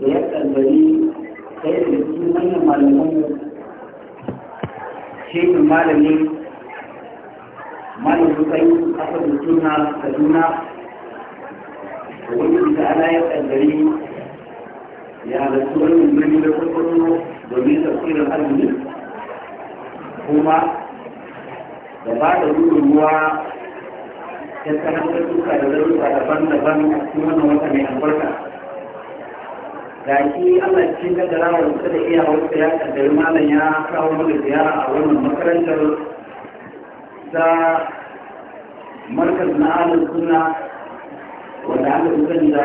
da ya kalbari ɗaya da cikin manyan malaman shekin malami malamin kai aka da suna kaduna da wani da ana ya kalbari ya halittu wannan birni da kwakwaro domin tafsirin arziki kuma da ba da gudunmuwa ta karantar duka da zaruka daban-daban a cikin wannan wata mai albarka daki shi Allah cikin kaddara wa kusa da iya wasu ya kaddari malam ya kawo mana ziyara a wannan makarantar ta markaz na alin suna wanda aka fi sani da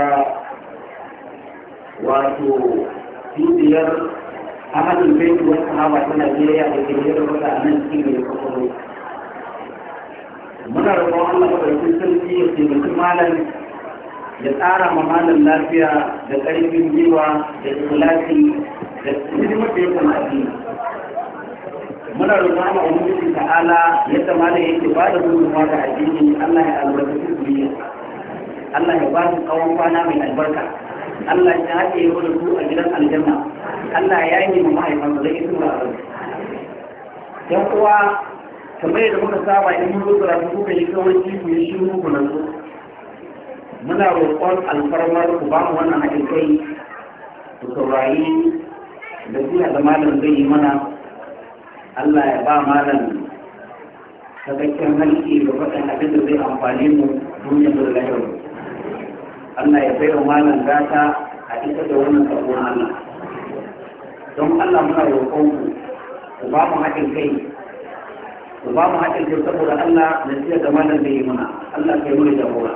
wato cibiyar ahadin baitu wa sahaba ta Najeriya da ke yi rubuta a nan cikin mai kwakwaro. Muna rabon Allah ɗauki sarki ya taimaki malam Da tsara ma lafiya da ƙarfin jiwa da tsulaki da hidimar da ya kamata muna roƙon ta ubangiji ya yadda malam yake ba da gudunmawa ga addini Allah ya albarka su zuriya Allah ya ba su tsawon kwana mai albarka Allah ya haɗe yau da su a gidan aljanna Allah ya yi ma mahaifansa zai isu ba a Yan uwa kamar yadda muka saba in mun zo karatu kuka yi kawai ku yi shiru ku nan muna roƙon alfarmar ku ba mu wannan haɗin kai ku saurayi da su da malam zai yi mana Allah ya ba malam sakakken halki da faɗin abin da zai amfani mu duniya da lahiyar Allah ya bai wa malam gata a isa da wannan sabon Allah don Allah muna roƙon ku ku ba mu haɗin kai ku ba mu haɗin kai saboda Allah na siya da malam zai yi mana Allah kai mu da jagora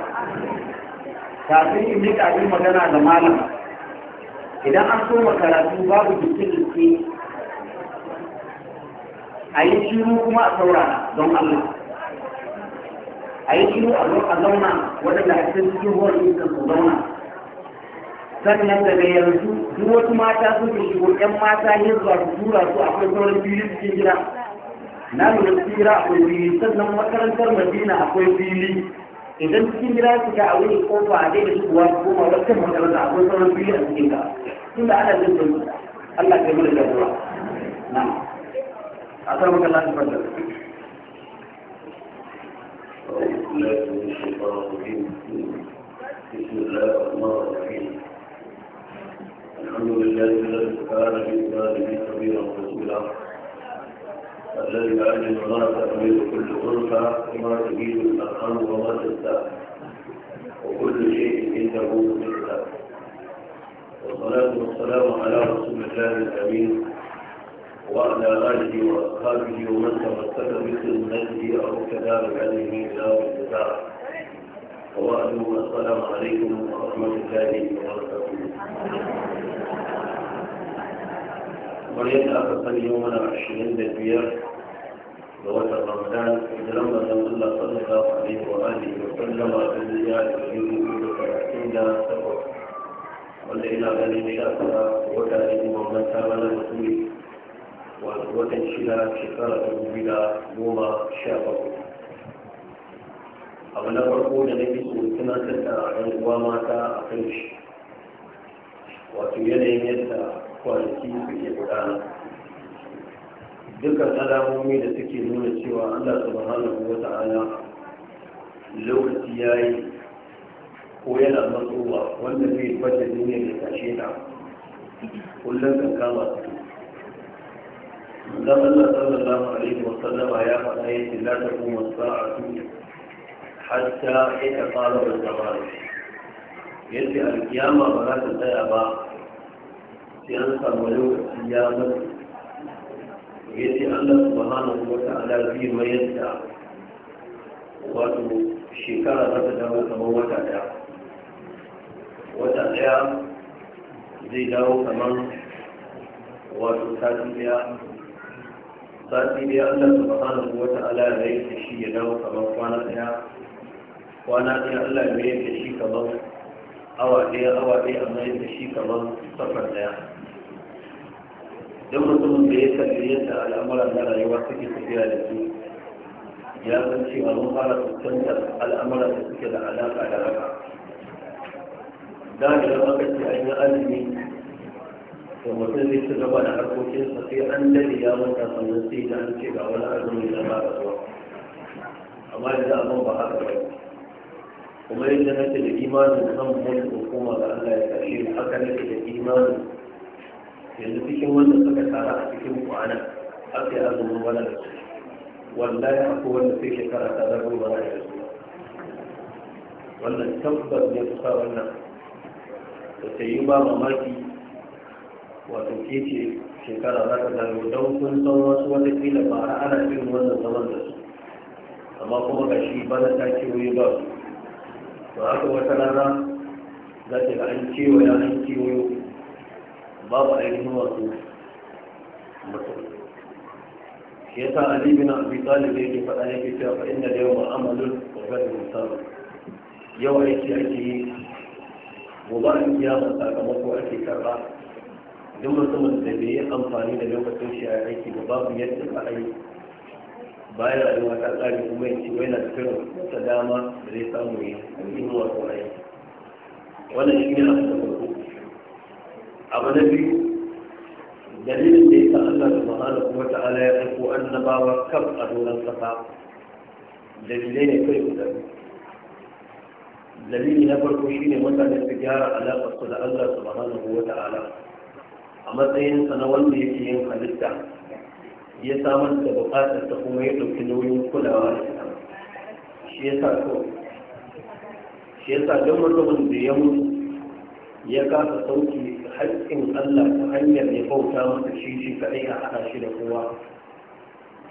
kafin in yi kafin magana da malam idan an so karatu babu jikin a yi shiru kuma a saura don Allah a yi shiru a zauna waɗanda a cikin cikin ruwan iskan su zauna sannan daga yanzu duk wasu mata sun ke shigo ƴan mata yin zuwa su tura su akwai sauran fili cikin gida na lura tsira akwai fili sannan makarantar madina akwai fili idan cikin gida su ga a wuri ko ba a daina shigowa ko ma wata da za a akwai sauran fili a cikin ka tunda ana jin da Allah kai mana ruwa na a kan maka lafi fadda بسم الله الرحمن الرحيم الحمد لله الذي كان بإبراهيم كبيرا رسولا الذي يعلم ما تحمل كل انثى وما تجيب الارحام وما تنسى وكل شيء عنده مقدار والصلاه والسلام على رسول الله الامين وعلى آله وأصحابه ومن تمسك بسنته أو كتاب عليه إلى الجزاء وبعد السلام عليكم ورحمة الله وبركاته kamar yadda aka sani yau mana ashirin da biyar ga watan ramadan hijiran manzon Allah sallallahu alaihi wa alihi wa sallam a duniya da yin biyu da talatin da takwas wanda ina ganin sha tara wata ne kuma manta mana mutumi wato watan shida shekara ta dubu da goma sha bakwai abu na farko da nake so tunatar da ɗan uwa mata a kan shi wato yanayin yadda kwanaki suke gudana dukkan alamomi da suke nuna cewa allah subhanahu wa ta'ala lokaci ya yi ko yana matsowa wanda zai bata duniyar da tashe ta kullum kan kama su dan Allah sallallahu alaihi wa sallama ya faɗa yace la taqumu as-sa'atu hatta yataqarraba az-zaman yace al alkiyama ba za ta tsaya ba sai an ya ce allah subhanahu wa ta'ala zai mayar da wato shekara za ta kamar wata wata zai dawo kamar wato sati sati ya yi shi ya dawo kamar kwana daya kwana ɗaya Allah ya da shi kamar awa ɗaya awa ɗaya amma yadda shi kamar safar ɗaya don mutumin da ya kalli yadda al'amuran na rayuwa suke tafiya da su ya san cewa mun fara fuskantar al'amuran da suke da alaƙa da raka da da raka ce an yi azumi da mutum zai ci gaba da harkokinsa sai an dade ya manta sannan sai da an ce ga wani azumi na ba zuwa amma yanzu abin ba haka ba kuma yadda nake da imanin zan mutu hukuma ga Allah ya kashe haka nake da imanin yanzu cikin wanda suka tara a cikin kwana aka yi azumin wani da su wanda wallahi akwai wanda sai shekara ta zagon wani da su wannan tabbas ne kusa wannan da ta yi ba mamaki wato ke ce shekara za ka zago don kun san wasu wata kila ba a ana irin wannan zaman da su amma kuma ga shi bana ta kewaye ba su ba haka wata rana za ta ga an kewaye an kewaye babu ainihin wasu mutum shi yasa ali bin abi talib yake faɗa yake cewa fa inda yau ba amalun wa gadu musamman yau aiki ake yi gobe an ba sakamako ake karɓa duk mutumin da bai yi amfani da lokacin shi a aiki da babu yadda ba a yi da rayuwa ta tsari kuma ya ce yana da kiran wata dama da zai samu yi a yi wasu aiki wannan shi ne abu abu na biyu dalilin da yasa Allah subhanahu wa ta'ala ya aiko annabawa kaf a doron kasa dalilai ne kai guda dalili na farko shine mutane su gyara alaƙar su da Allah subhanahu wa ta'ala a matsayinsa na wanda yake yin halitta ya samar da buƙatar ta kuma ya ɗauki nauyin kulawa da ita shi ya sa so shi ya sa don mutumin da ya mutu ya kasa sauki haƙƙin Allah ta hanyar ya bauta masa shi shi kaɗai a haɗa shi da kowa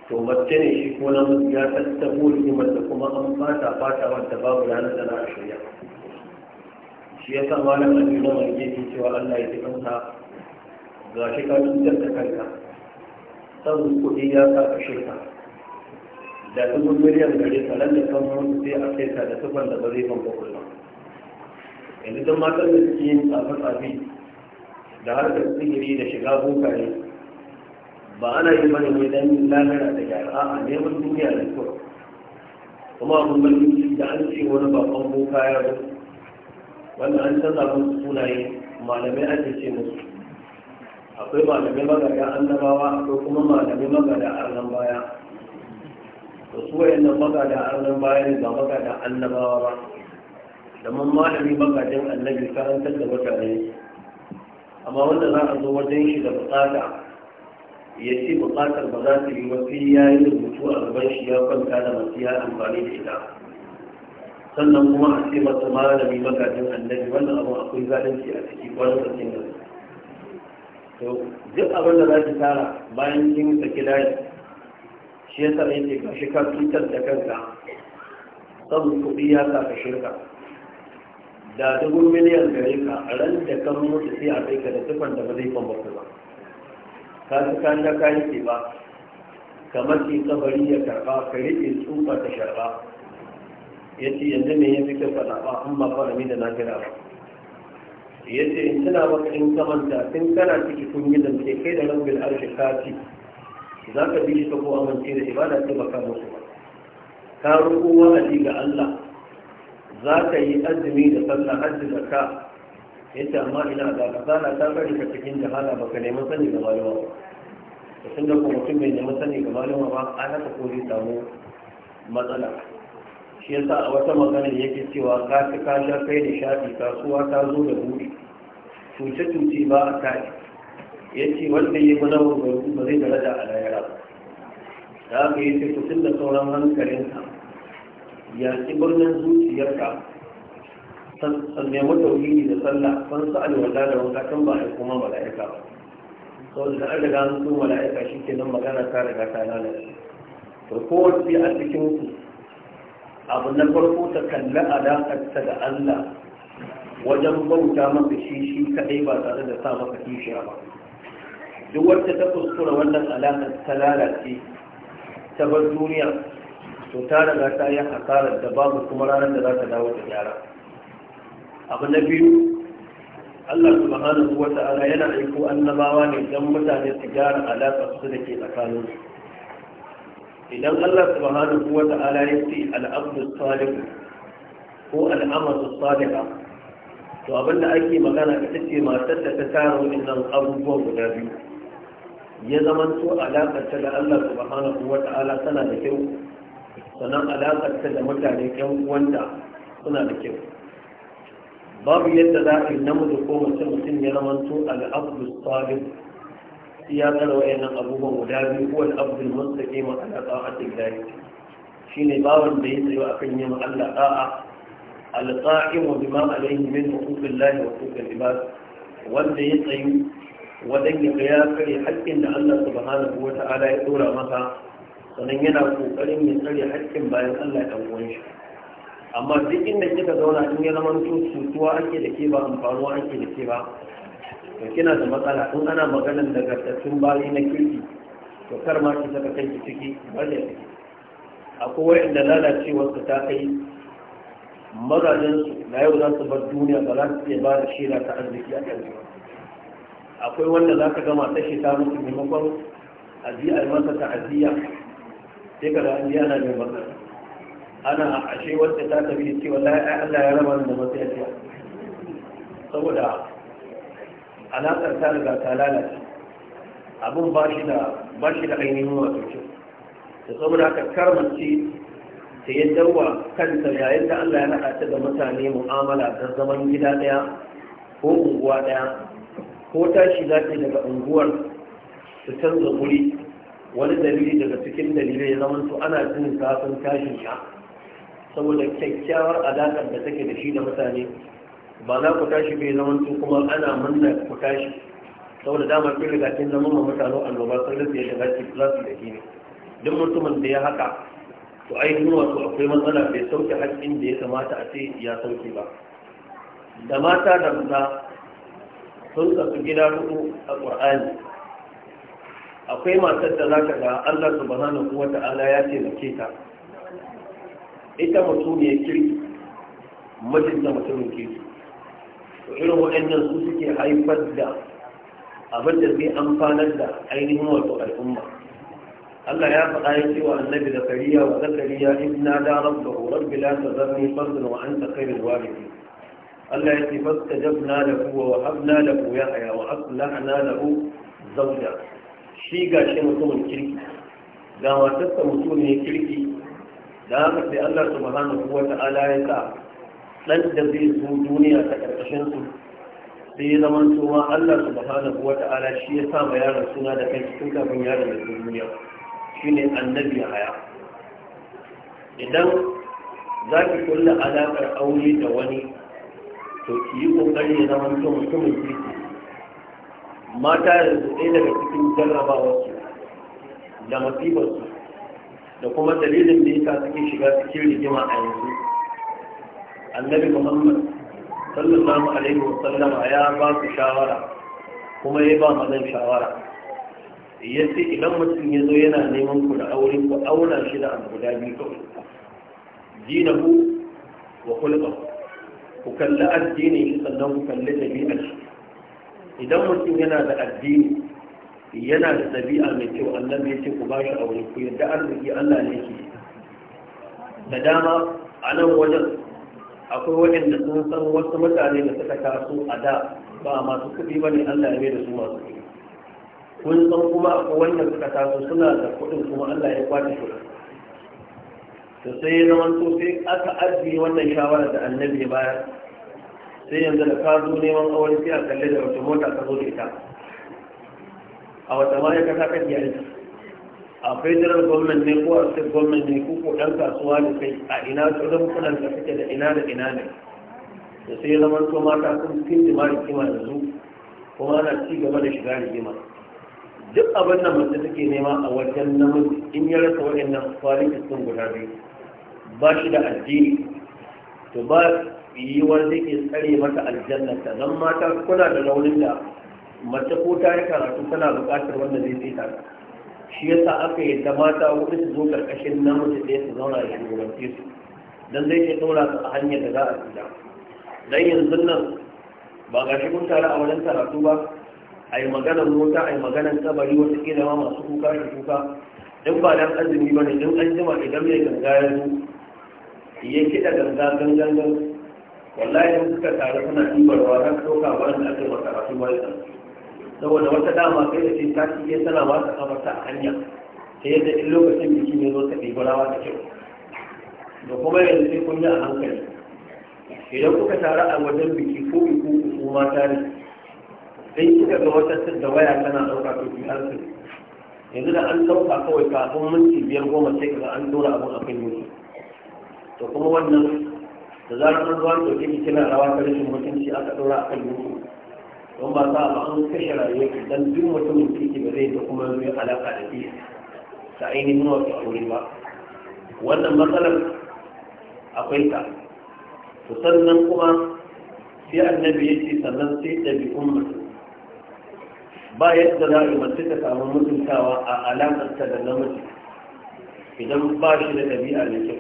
to mace ne shi ko na ya tattabo rigimar da kuma an fata fata wanda babu ranar da na shirya shi ya sa malam abin da mai yake cewa Allah ya ji kanka ga shi ka cutar da kanka san kuɗi ya sa ka shirka da dubu miliyan gari ka da kan mutu sai a kai ka da tufan da ba zai ban ba kullum yanzu don matan da suke yin tsafe-tsafe da harkar sihiri da shiga bukare ba ana yi mana ne don lalata lafiya da gyara a neman duniya da kyau kuma abin mulki da an ce wani babban boka ya zo wanda an canza musu sunaye malamai an ce musu akwai malamai magada annabawa akwai kuma malamai magada arnan baya da su wayannan magada arnan baya ne ba magada annabawa ba da man malami magadin annabi karantar da mutane amma wanda za a zo wajen shi da bukata ya ce bukatar ba za ta yi wasu ya da mutu a gaban shi ya kwanta da masu ya amfani da ita sannan kuma a ce masa malami magajin annabi wannan abu akwai zalunci a ciki wani sakin da to duk abin da za ki tara bayan kin saki layi shi yasa yake gashi ka cutar da kanka saboda kuɗi ya sa ka shirka da dubu miliyan gare ka a ran da kan mutu sai a kai ka da tufan da ba zai kwamfata ba ka su kan da kayi ke ba kamar ki kabari ya karba ka rike tsufa ta sharba ya ce yanzu me ya fi kyau ka an ba fara da na jira ba ya ce in tana maka in kamanta tun kana ciki kun yi ke kai da rabin arshi ka ci za ka bi shi ko amince da ibada ta baka musu ba ka roƙo wa'adi ga Allah za ka yi azumi da sallah hajji da ka yace amma ina da kasala ta bari ka cikin jahala ka neman sani ga malama ba to da ko mutum bai neman sani ga malama ba an haka ko zai samu matsala shi yasa a wata magana yake cewa ka ci ka sha kai da shafi kasuwa ta zo da buɗe cuce-cuce ba a kai ce wanda ya mana ba zai raja a layara da aka yi sai tun da sauran hankalinsa yaƙi birnin zuciyarka san nemi tauhidi da sallah san sa alwala da wanka kan ba ai kuma mala'ika ba da an riga an so mala'ika nan magana ta riga ta lalace to kowace a cikin ku abu na farko ta kalli alaƙarta da Allah wajen bauta maka shi shi kaɗai ba tare da sa maka kishiya ba duk wacce ta kuskura wannan alaƙar ta lalace ta bar duniya to ta riga ta yi hasarar da babu kuma ranar da za ta dawo ta gyara abu na biyu Allah subhanahu wa ta'ala yana aiko annabawa ne don mutane su gyara alaƙa su da ke tsakanin su idan Allah subhanahu wa ta'ala ya ce al'abdu salih ko al'amatu salihah to abin abinda ake magana ita ce matar da ta tara waɗannan abubuwan guda biyu ya zamanto alaƙar ta da Allah subhanahu wa ta'ala tana da kyau sannan alaƙarta da mutane ƴan uwanta suna da kyau babu yadda za a yi namiji ko mace mutum ya zamanto al'abdu salih ya tsara wayannan abubuwan guda biyu ko al'abdul mustaqi ma a ta'atil lahi shine bawan da ya tsayo akan yin Allah da'a al-qa'imu bima alayhi min huquqillahi wa huquqil ibad wanda ya tsayu wadan ya ga ya kare haƙƙin da Allah subhanahu wa ta'ala ya dora masa sannan yana kokarin ya tsare haƙƙin bayan Allah ɗan shi amma duk inda kika zauna in ya zama to cutuwa ake da ke ba amfanuwa ake da ke ba to kina da matsala in ana maganar da tattun bayi na kirki to kar ma ki saka kanki ciki balle akwai wanda lalacewar ta kai su na yau za su bar duniya ba za su iya ba da shaida ta arziki a kan akwai wanda za ka gama ta ta mutu maimakon aji a masa ta'aziyya sai ka da an ji ana mai matsala ana ashe wacce ta tafi da cewa Allah ya raba da matsayaciya saboda alaƙar ta riga ta lalace abin ba shi da ainihin wato kyau da saboda haka karmace ta yi dawa kanta yayin da Allah ya haɗa ta da mutane mu'amala da zaman gida ɗaya ko unguwa ɗaya ko tashi za daga unguwar su canza guri wani dalili daga cikin dalilai ya zama su ana jin zafin tashin 'ya' saboda kyakkyawar alaƙar da take da shi da mutane ba za ku tashi bai zama kuma ana manna ku tashi saboda damar fi riga kin zama ma mutane annoba sun rufe da za su da ne duk mutumin da ya haka to nuna wato akwai matsala bai sauke haƙƙin da ya kamata a ce ya sauke ba da mata da maza sun tafi gida hudu a ƙur'ani akwai matar da za ka ga Allah subhanahu wa ta'ala ya ce taimake ta ita mutumiyar kirki mijinta mutumin kirki to irin waɗannan su suke haifar da abin da zai amfanar da ainihin wato al'umma Allah ya faɗa ya ce wa annabi zakariya wa zakariya inna da rabbahu rabbi la tazarni fardan wa anta khairul warithin Allah ya ce fastajabna lahu wa da wahabna lahu yahya wa aslahna lahu zawja shi ga shi mutumin kirki ga matarsa mutum ne kirki da haka sai Allah subhanahu wa ta'ala ya sa dan da zai zo duniya ta karkashin su sai zaman zama Allah subhanahu wa ta'ala shi ya sa yaron suna da kai cikin kafin yaron da duniya shine annabi haya idan za ki kulla alaƙar aure da wani to ki yi ƙoƙari ya zama mutumin kirki mata yanzu ɗaya daga cikin su da masifarsu da kuma dalilin da yasa suke shiga cikin rigima a yanzu annabi muhammad sallallahu alaihi sallam ya ba su shawara kuma ya ba mazan shawara ya ce idan mutum ya zo yana neman ku da aure ku aura shi da abu guda biyu kawai ku wa kulqa ku kalli addinin shi sannan ku kalli ɗabi'ar shi idan mutum yana da addini yana da ɗabi'a mai kyau Allah ya ce ku ba shi aure ku yadda arziki Allah ne ke da dama a nan wajen akwai waɗanda sun san wasu mutane da suka taso a da ba masu kuɗi ba ne Allah ya da su masu kuɗi kun san kuma akwai wanda suka taso suna da kuɗin kuma Allah ya kwace su to sai ya zama to sai aka ajiye wannan shawara da annabi ya bayar sai yanzu da ka zo neman aure sai a kalle da wata mota ka zo da ita a wata ma ya kasa kan yanzu a federal government ne ko a state government ne ko ko dan kasuwa ne kai a ina tsoron kudan da kake da ina da ina ne da sai ya zama to mata sun cikin jima da zu kuma ana ci gaba da shiga rigima duk abin da mace take nema a wajen namiji in ya rasa waɗannan kwalifikin guda biyu ba shi da addini to ba yiwuwar zai ke tsare mata aljannata don mata kuna da raunin da mace ko ta yi karatu tana buƙatar wanda zai tsita shi yasa aka yi da mata wani su zo karkashin namiji ɗaya su zauna da shugabance su don zai ke ɗora su a hanyar da za a tsira don yanzu nan ba ga shi kun tare a wajen karatu ba a yi maganar mota a yi maganar kabari wata ƙila ma masu kuka shi kuka in ba dan azumi ba ne in an jima idan mai ganga ya zo ya kiɗa ganga gangan wallahi da suka taru suna ɗibarwa za ka ɗauka ba da ake masa rafi ba ya saboda wata dama kai da ce ta cike tana ba ta kamarta a hanya ta yadda in lokacin biki ne zo ta ɗibarawa da kyau da kuma yanzu sai kun yi a hankali idan kuka taru a wajen biki ko biku ku mata ne sai kika ga wata da waya tana ɗauka to ki harsu yanzu da an ɗauka kawai kafin minti biyar goma sai ka ga an ɗora abin a kan to kuma wannan da zarar an zuwa da kike kina rawa ta rashin mutunci aka ɗora a kan mutu don ba za a ba an kashe rayuwa dan duk mutumin kiki ba zai da kuma zai alaka da shi ta ainihin wasu aure ba wannan matsalar akwai ta to sannan kuma sai annabi ya ce sannan sai ɗabi'un mutum ba yadda za a yi mace ta samu mutuntawa a alaƙarta da namiji idan ba shi da ɗabi'a mai kyau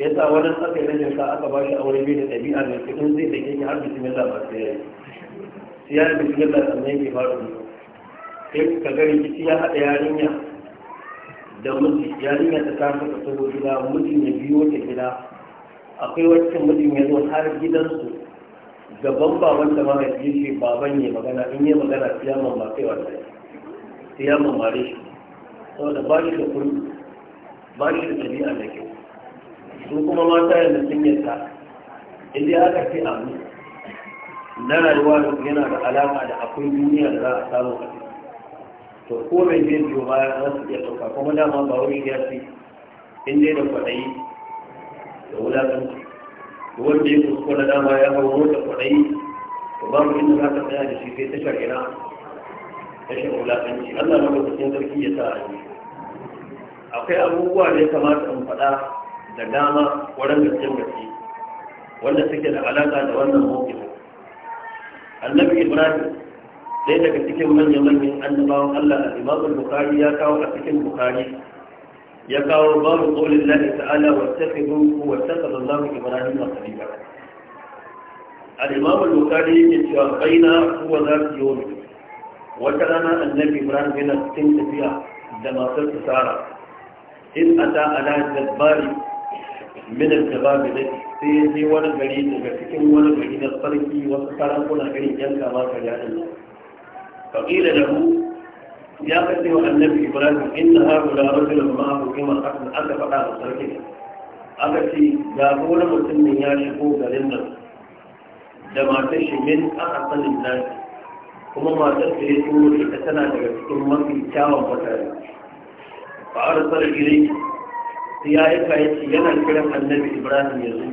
shi yasa wani tsakai na jinka aka ba shi aure bai da ɗabi'a mai kudin zai da yake har mai ba sai yayi sai ya bismillah sannan yake fara sai ka gani kici ya haɗa yarinya da miji yarinya ta tafi ka taho gida mutu mai biyo ta gida akwai wacce mijin ya zo har gidansu gaban wanda ma mai shi baban ya magana in yi magana siya mamma kai wata siya mamma shi saboda ba shi da kuri ba shi da ɗabi'a da kyau su kuma mata yadda sun yadda inda aka ce mu. na rayuwa yana da alama da akwai duniya da za a samu a ciki to ko mai zai biyo baya za su iya ɗauka kuma dama ba wani ya ce in dai da kwaɗayi da wulaƙanci da wanda ya kuskura dama ya hau mota kwaɗayi to babu inda za ka tsaya da shi sai ta tashar ina tashar wulaƙanci allah na lokacin sarki ya sa a akwai abubuwa da ya kamata in faɗa da dama wurin da gaske wanda suke da alaka da wannan mawkin annabi ibrahim sai daga cikin manya-manyan annabawan Allah al-Imam al-Bukhari ya kawo a cikin Bukhari ya kawo babu qawlin Allah ta'ala wa tafidu wa taqad Allah Ibrahim wa Khalila al-Imam al-Bukhari yake cewa baina huwa zati yawm wata rana annabi Ibrahim yana cikin tafiya da masu tsara in ata ala jabbari من الكباب التي تستيه ولا قليل تكتكم ولا قليل الطريق وسكرا كنا قليل ينكى ما كان يعلم فقيل له يا قسم النبي إبراهيم إن هؤلاء رجل معه كما حكم أنت فقال الطريق أبتي جابون مسلم يا شكوك للنفس جماعة من أحسن الناس كما ما تسكره تقول لك سنة تكتكم ما في شاوة فتاري فأرسل إليه ya yi yake yana kiran annabi ibrahim ya zo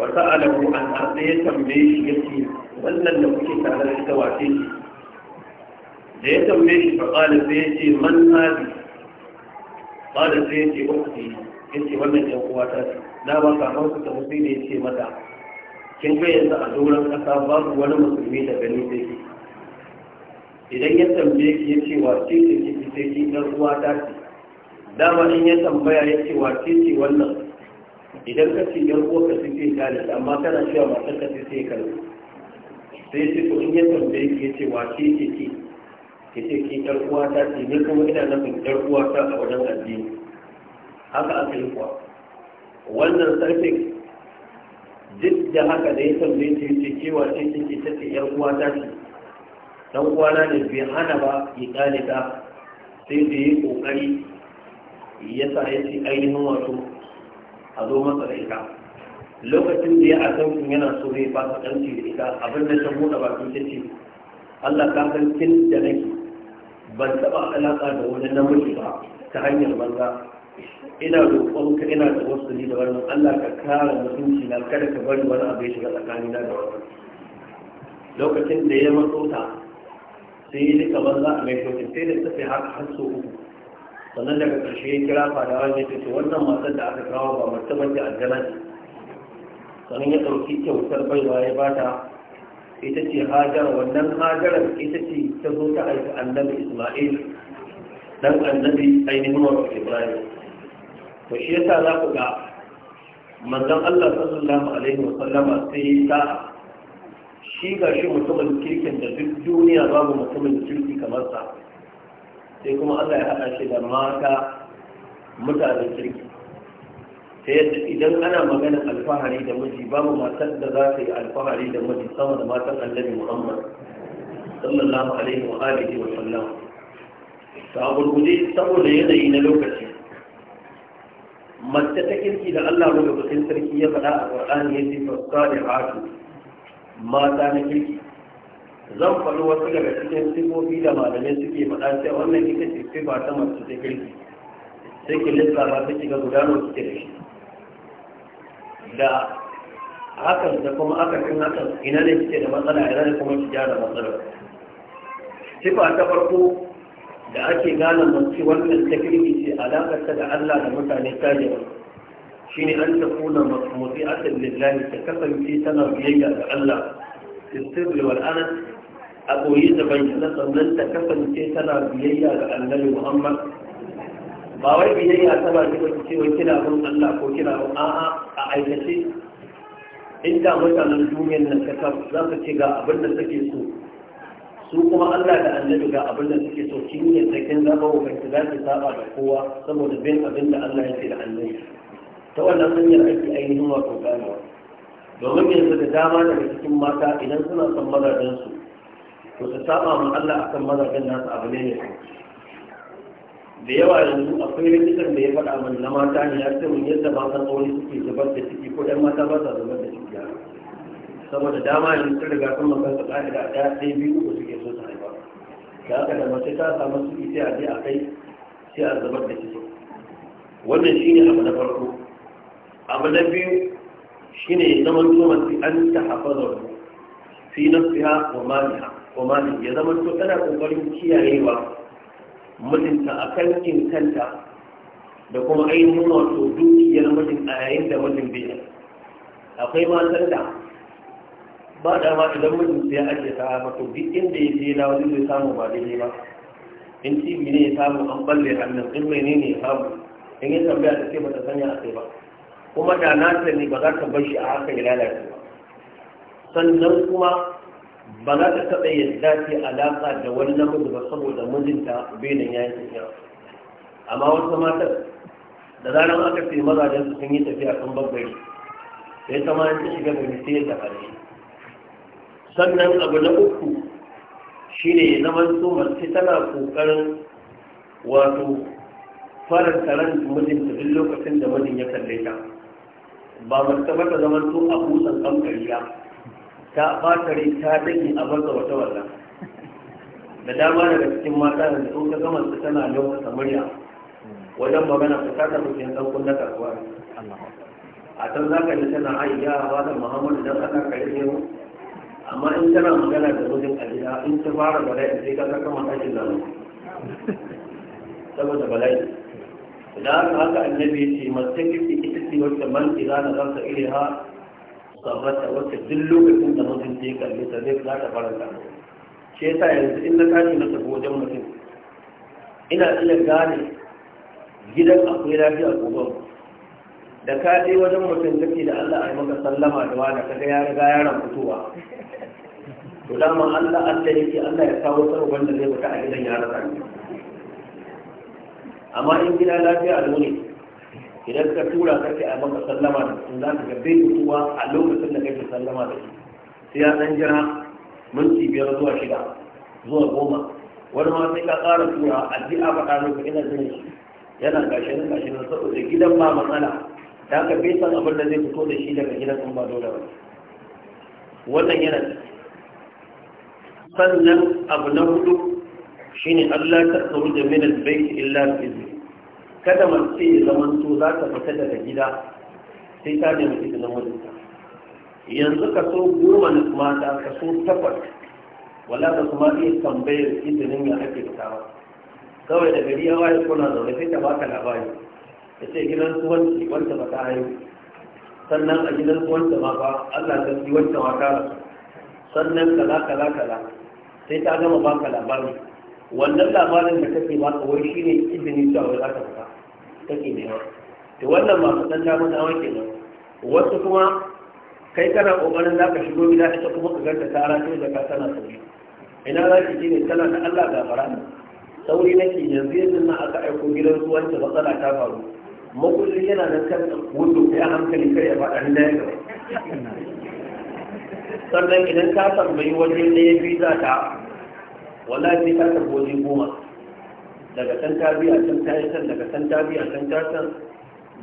wa sa'alahu an arda ya tambaye shi yake wannan da kuke tare da ita wace ce da ya tambaye shi fa qala sai ce man hadi qala sai yace ukhti yace wannan ɗan ta ce na ba ka hausa ta musu da yace mata kin ga yanzu a doron ba babu wani musulmi da gani sai idan ya tambaye ya yace wace ce kike sai ki ɗan ta ce dama in ya tambaya ya ce wace ce wannan idan ka ce yan uwarka su ke kalis amma kana cewa matar ka su ce kalis sai ce ko in ya tambaya ki ya ce wace ce ke ke ce ke yar uwa ta ce ne kuma ina nufin yar uwa ta a wajen addini haka aka yi kuwa wannan sarfin duk da haka da ya tambaya ya ce ke wace ce ke ta ce yan uwa ta ce dan na ne bai hana ba ya kale ta sai da yi kokari yasa ya ce ainihin wato a zo masa da ita lokacin da ya a asamfin yana so zai su ɗanci da ita abin da ta buɗe bakin ta ce Allah ka san kin da nake ban taɓa alaƙa da wani namiji ba ta hanyar banza ina roƙonka ina da wasu ni da wannan Allah ka kare mutunci na kada ka bari wani abu ya shiga na da wasu. lokacin da ya matsota sai ya nika banza a mai shokin sai da tafi har har so uku sannan daga ƙarshe ya kira fadawa ne ta wannan matar da aka kawo ba mace bace aljana ce sannan ya ɗauki kyautar baiwa ya bata ita ce hajar wannan hajarar ita ce ta zo ta aiki annabi isma'il dan annabi ainihin wa ibrahim to shi yasa za ku ga manzon Allah sallallahu alaihi wa sallama sai ta shi ga shi mutumin kirkin da duk duniya babu mutumin kirki kamar sa sai kuma Allah ya haɗa shi da mata mutanen kirki ta yadda idan ana magana alfahari da miji babu matar da za ta yi alfahari da miji sama da matan annabi Muhammad sallallahu alaihi wa alihi wa sallam ta gurguje saboda yanayi na lokaci mace ta kirki da Allah bakin sarki ya faɗa a Qur'ani yace fasalihatu mata na kirki zan faɗi wasu daga cikin sifofi da malamai suke faɗa cewa wannan ita ce sifa ta masu ta kirki sai ki lissafa ta shiga gudanar nawa suke da shi da hakan da kuma aka cin hakan ina ne suke da matsala ina ne kuma shiga da matsala sifa ta farko da ake gane mace wannan ta kirki ce ta da Allah da mutane ta shi ne an ta kuna mafi asalin lillahi ta kasance tana biyayya da Allah istirri wal anas a goyi da na sannan ta kasance tana biyayya ga annabi muhammad ba wai biyayya tana ji wata cewa kina bin allah ko kina bin a'a a aikace In inda mutanen duniyar nan ka za su ce ga abin da suke so su kuma allah da annabi ga abin da suke so shi ne sakin zama wa kai za ki saba da kowa saboda bin abin da allah ya ce da annabi ta wannan hanyar ake ainihin wato ganewa domin yanzu da dama daga cikin mata idan suna son mazajensu to ta saba mun Allah akan mazajen nasu abu ne ne da yawa yanzu akwai rikitan da ya faɗa min na mata ne ya ce mun yadda san tsauni suke zubar da ciki ko ɗan mata ba sa zubar da ciki saboda dama ne sun riga sun makan su ƙa'ida a ɗaya ɗaya biyu ko suke so su haifa da aka da mace ta samu su sai a je a kai sai a zubar da ciki wannan shine abu na farko abu na biyu shine zaman zuwa an ta hafa zaune fi nafsiha wa maliha Kuma ya zama to tana kokarin kiyayewa mijinta a kan kanta da kuma ainihin wato dukiyar mijin a yayin da mijin bai akwai matan da ba da ma idan mijin sai ya ajiye ta mato duk inda ya je na wani zai samu ba daidai ba in cibi ne ya samu an balle hannun in mai ne ya samu in yi tambaya ta ce ba ta sanya a kai ba kuma da na ne ba za ta bar shi a haka ya lalace ba sannan kuma ba za ta taɓa yadda ce alaƙa da wani namiji ba saboda mijinta benin ya yi tafiya amma wasu matar da zarar aka ce mazajen su sun yi tafiya sun babbari sai ta ma ta shiga gari sai ya tafi sannan abu na uku shine ya zama su masu tana kokarin wato faranta ran mijinta duk lokacin da mijin ya kalle ta ba mutum ba ta zama su a busan kankariya ta ɓatare ta danyi a banza wata wata da dama daga cikin mata da sun ka gama su tana yau a samariya. wajen magana ta kasa mutum san na karkuwa a can za ka yi tana aisha a da muhammadu don ana kare ne mu amma in tana magana da mijin a gida in ta fara bala'i sai ka saka mata shi zama saboda bala'i da haka haka annabi ce masu ita ce wacce manke za na zanta ha sarrata wacce duk lokacin da mutum ya kalli ta zai za ta faranta shi yasa yanzu in na tashi na tafi wajen mutum ina iya gane gidan akwai lafiya gobe da ka je wajen mutum kake da Allah a yi maka sallama da da kaga ya riga yaron fitowa to dama Allah Allah yake Allah ya kawo tsaro wanda zai fita a gidan yaron amma in gida lafiya a idan ka tura ka ce a maka sallama da su za ka gabe kuwa a lokacin da kake sallama da su sai ya dan jira minti biyar zuwa shida zuwa goma wani ma sai ka ƙara tura a ji a faɗa maka ina jin shi yana gashi nan gashi nan saboda gidan ba matsala ta ka bai san abin da zai fito da shi daga gidan in ba dole ba wannan yana sannan abu na hudu shine Allah ta tsaro da minal bayt illa bi kada mace ya zaman to za ta fita daga gida sai ta nemi izinin mijinta yanzu kaso goma na mata kaso takwas wala da kuma iya tambayar izinin ya ake fita ba kawai da gari ya waye kuna zaune sai ta baka labari ya ce gidan tuwanci wanda ba ta haihu sannan a gidan tuwanta ma ba Allah ta yi wanta ma kara sannan kala kala kala sai ta gama baka labari wannan labarin da kake baka wai shine izinin cewa za ka fita kake nema to wannan masu dan damar nawa kenan wasu kuma kai kana kokarin za shigo gida ita kuma ka ganta ta rato da ka sana sauri ina za ki ne tana da Allah gafara sauri nake yanzu yanzu na aka aiko gidan su ta matsala ta faru makulli yana nan kan wudu ya hankali kai ya faɗa inda ya sannan idan ka tambayi wajen da ya biza ta wallahi ta ka goma daga can ta biya can ta yi can daga can ta biya can ta san,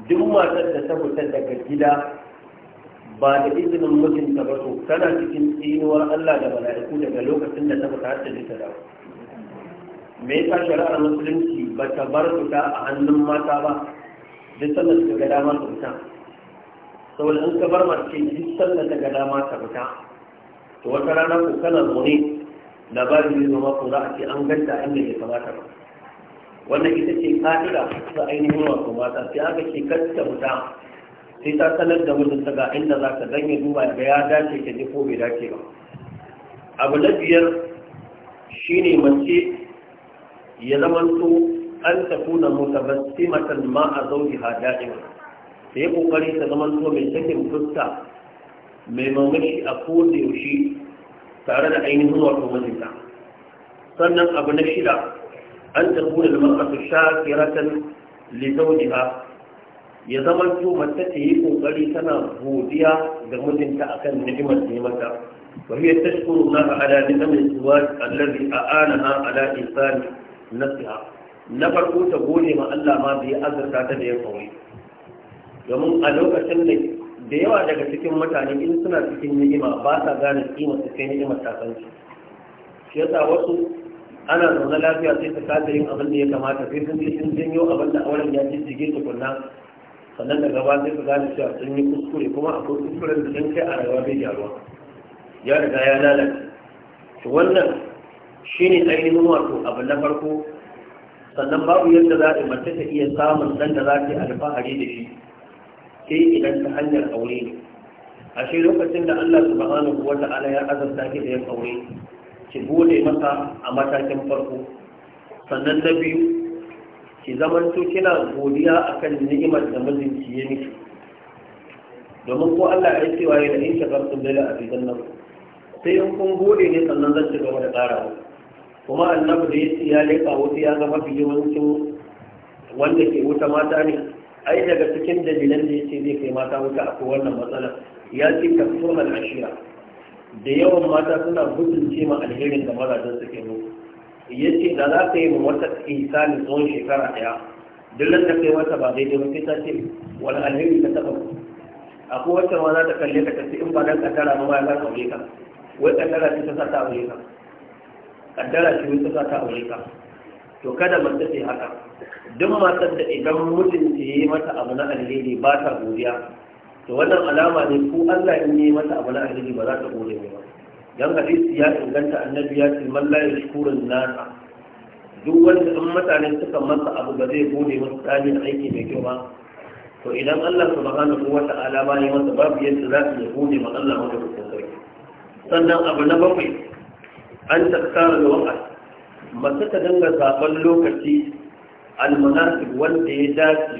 duk matar da ta fita daga gida ba da izinin mijinta ba to tana cikin tsinuwar Allah da mala'iku daga lokacin da ta fita har ta je ta dawo me yasa shari'ar musulunci ba ta bar fita a hannun mata ba duk sallar ta ga dama ta fita saboda in ka bar mace duk sallar ta ga dama ta fita to wata rana ko kana zaune labari ne zama ko za a ce an ganta inda ya kamata ba wannan ita ce ka'ida ta ainihin wato mata sai aka ce kacce fita sai ta sanar da ta ga inda za ta ganye duba da ya dace ta ko bai dace ba abu na biyar shine mace ya zamanto an tafuna mutabassimatan ma a zawjiha da'ima ta yi kokari ta zama zuwa mai sakin fuska mai mamashi a da yaushe tare da ainihin wato mazinta. sannan abu na shida an takuna al-mar'atu shakiratan li zawjiha ya zama to mace ta yi kokari tana godiya ga mijinta akan ni'imar da ya mata wa hiya tashkuru na ala ni'amin zuwaj allazi a'anaha ala ihsani nasiha na farko ta gode ma Allah ma bai azurta ta da ya kawai domin a lokacin da da yawa daga cikin mutane in suna cikin ni'ima ba sa gane kima su kai ni'imar ta san shi yasa wasu ana zaune lafiya sai ta kasa yin abin da ya kamata sai sun je sun zanyo abin da auren ya su kunna. sannan daga ba sai su gane cewa sun yi kuskure kuma akwai kuskuren da sun kai a rayuwa bai gyaruwa ya riga ya lalace to wannan shine ainihin wato abu na farko sannan babu yadda za a mace ta iya samun dan da za ta yi alfahari da shi sai idan ta hanyar aure ne ashe lokacin da Allah subhanahu wa ta'ala ya azabta ki da yin aure ki gode masa a matakin farko sannan na biyu ki to kina godiya akan ni'imar da mijinki ya miki domin ko Allah ya ce waye da in shakartum lil azidan nan sai in kun gode ne sannan zan ci gaba da ƙara kuma annabi da yake ya leka wuta ya zama mafi yawancin wanda ke wuta mata ne ai daga cikin dalilan da yake zai kai mata wuta akwai wannan matsalar ya ce tafsirul ashira da yawan mata suna gudun ce ma alherin da mazajen suke mu ya ce da za ka yi ma wata isani tsawon shekara ɗaya duk da kai wata ba daidai ba sai ta ce wani alheri ka taɓa akwai wata ma za ta kalle ka tafi in ba dan kaddara ba ya za ka aure ka wai kaddara ce ta sa ta aure ka kaddara ce ta sa ta aure ka to kada mace ce haka duk matar da idan mutunci ya yi mata abu na alheri ba ta godiya to wannan alama ne ko Allah in yi mata abu na alheri ba za ta gode mai ba dan hadisi ya inganta annabi ya ce man la yashkurun nasa duk wanda in mutane suka masa abu ba zai gode masa tsarin aiki mai kyau ba to idan Allah subhanahu wa ta'ala ba ya masa babu yadda za su gode ma Allah wanda kuka sarki sannan abu na bakwai an tattara da wa'a masu ta dinga zaben lokaci al almunasib wanda ya dace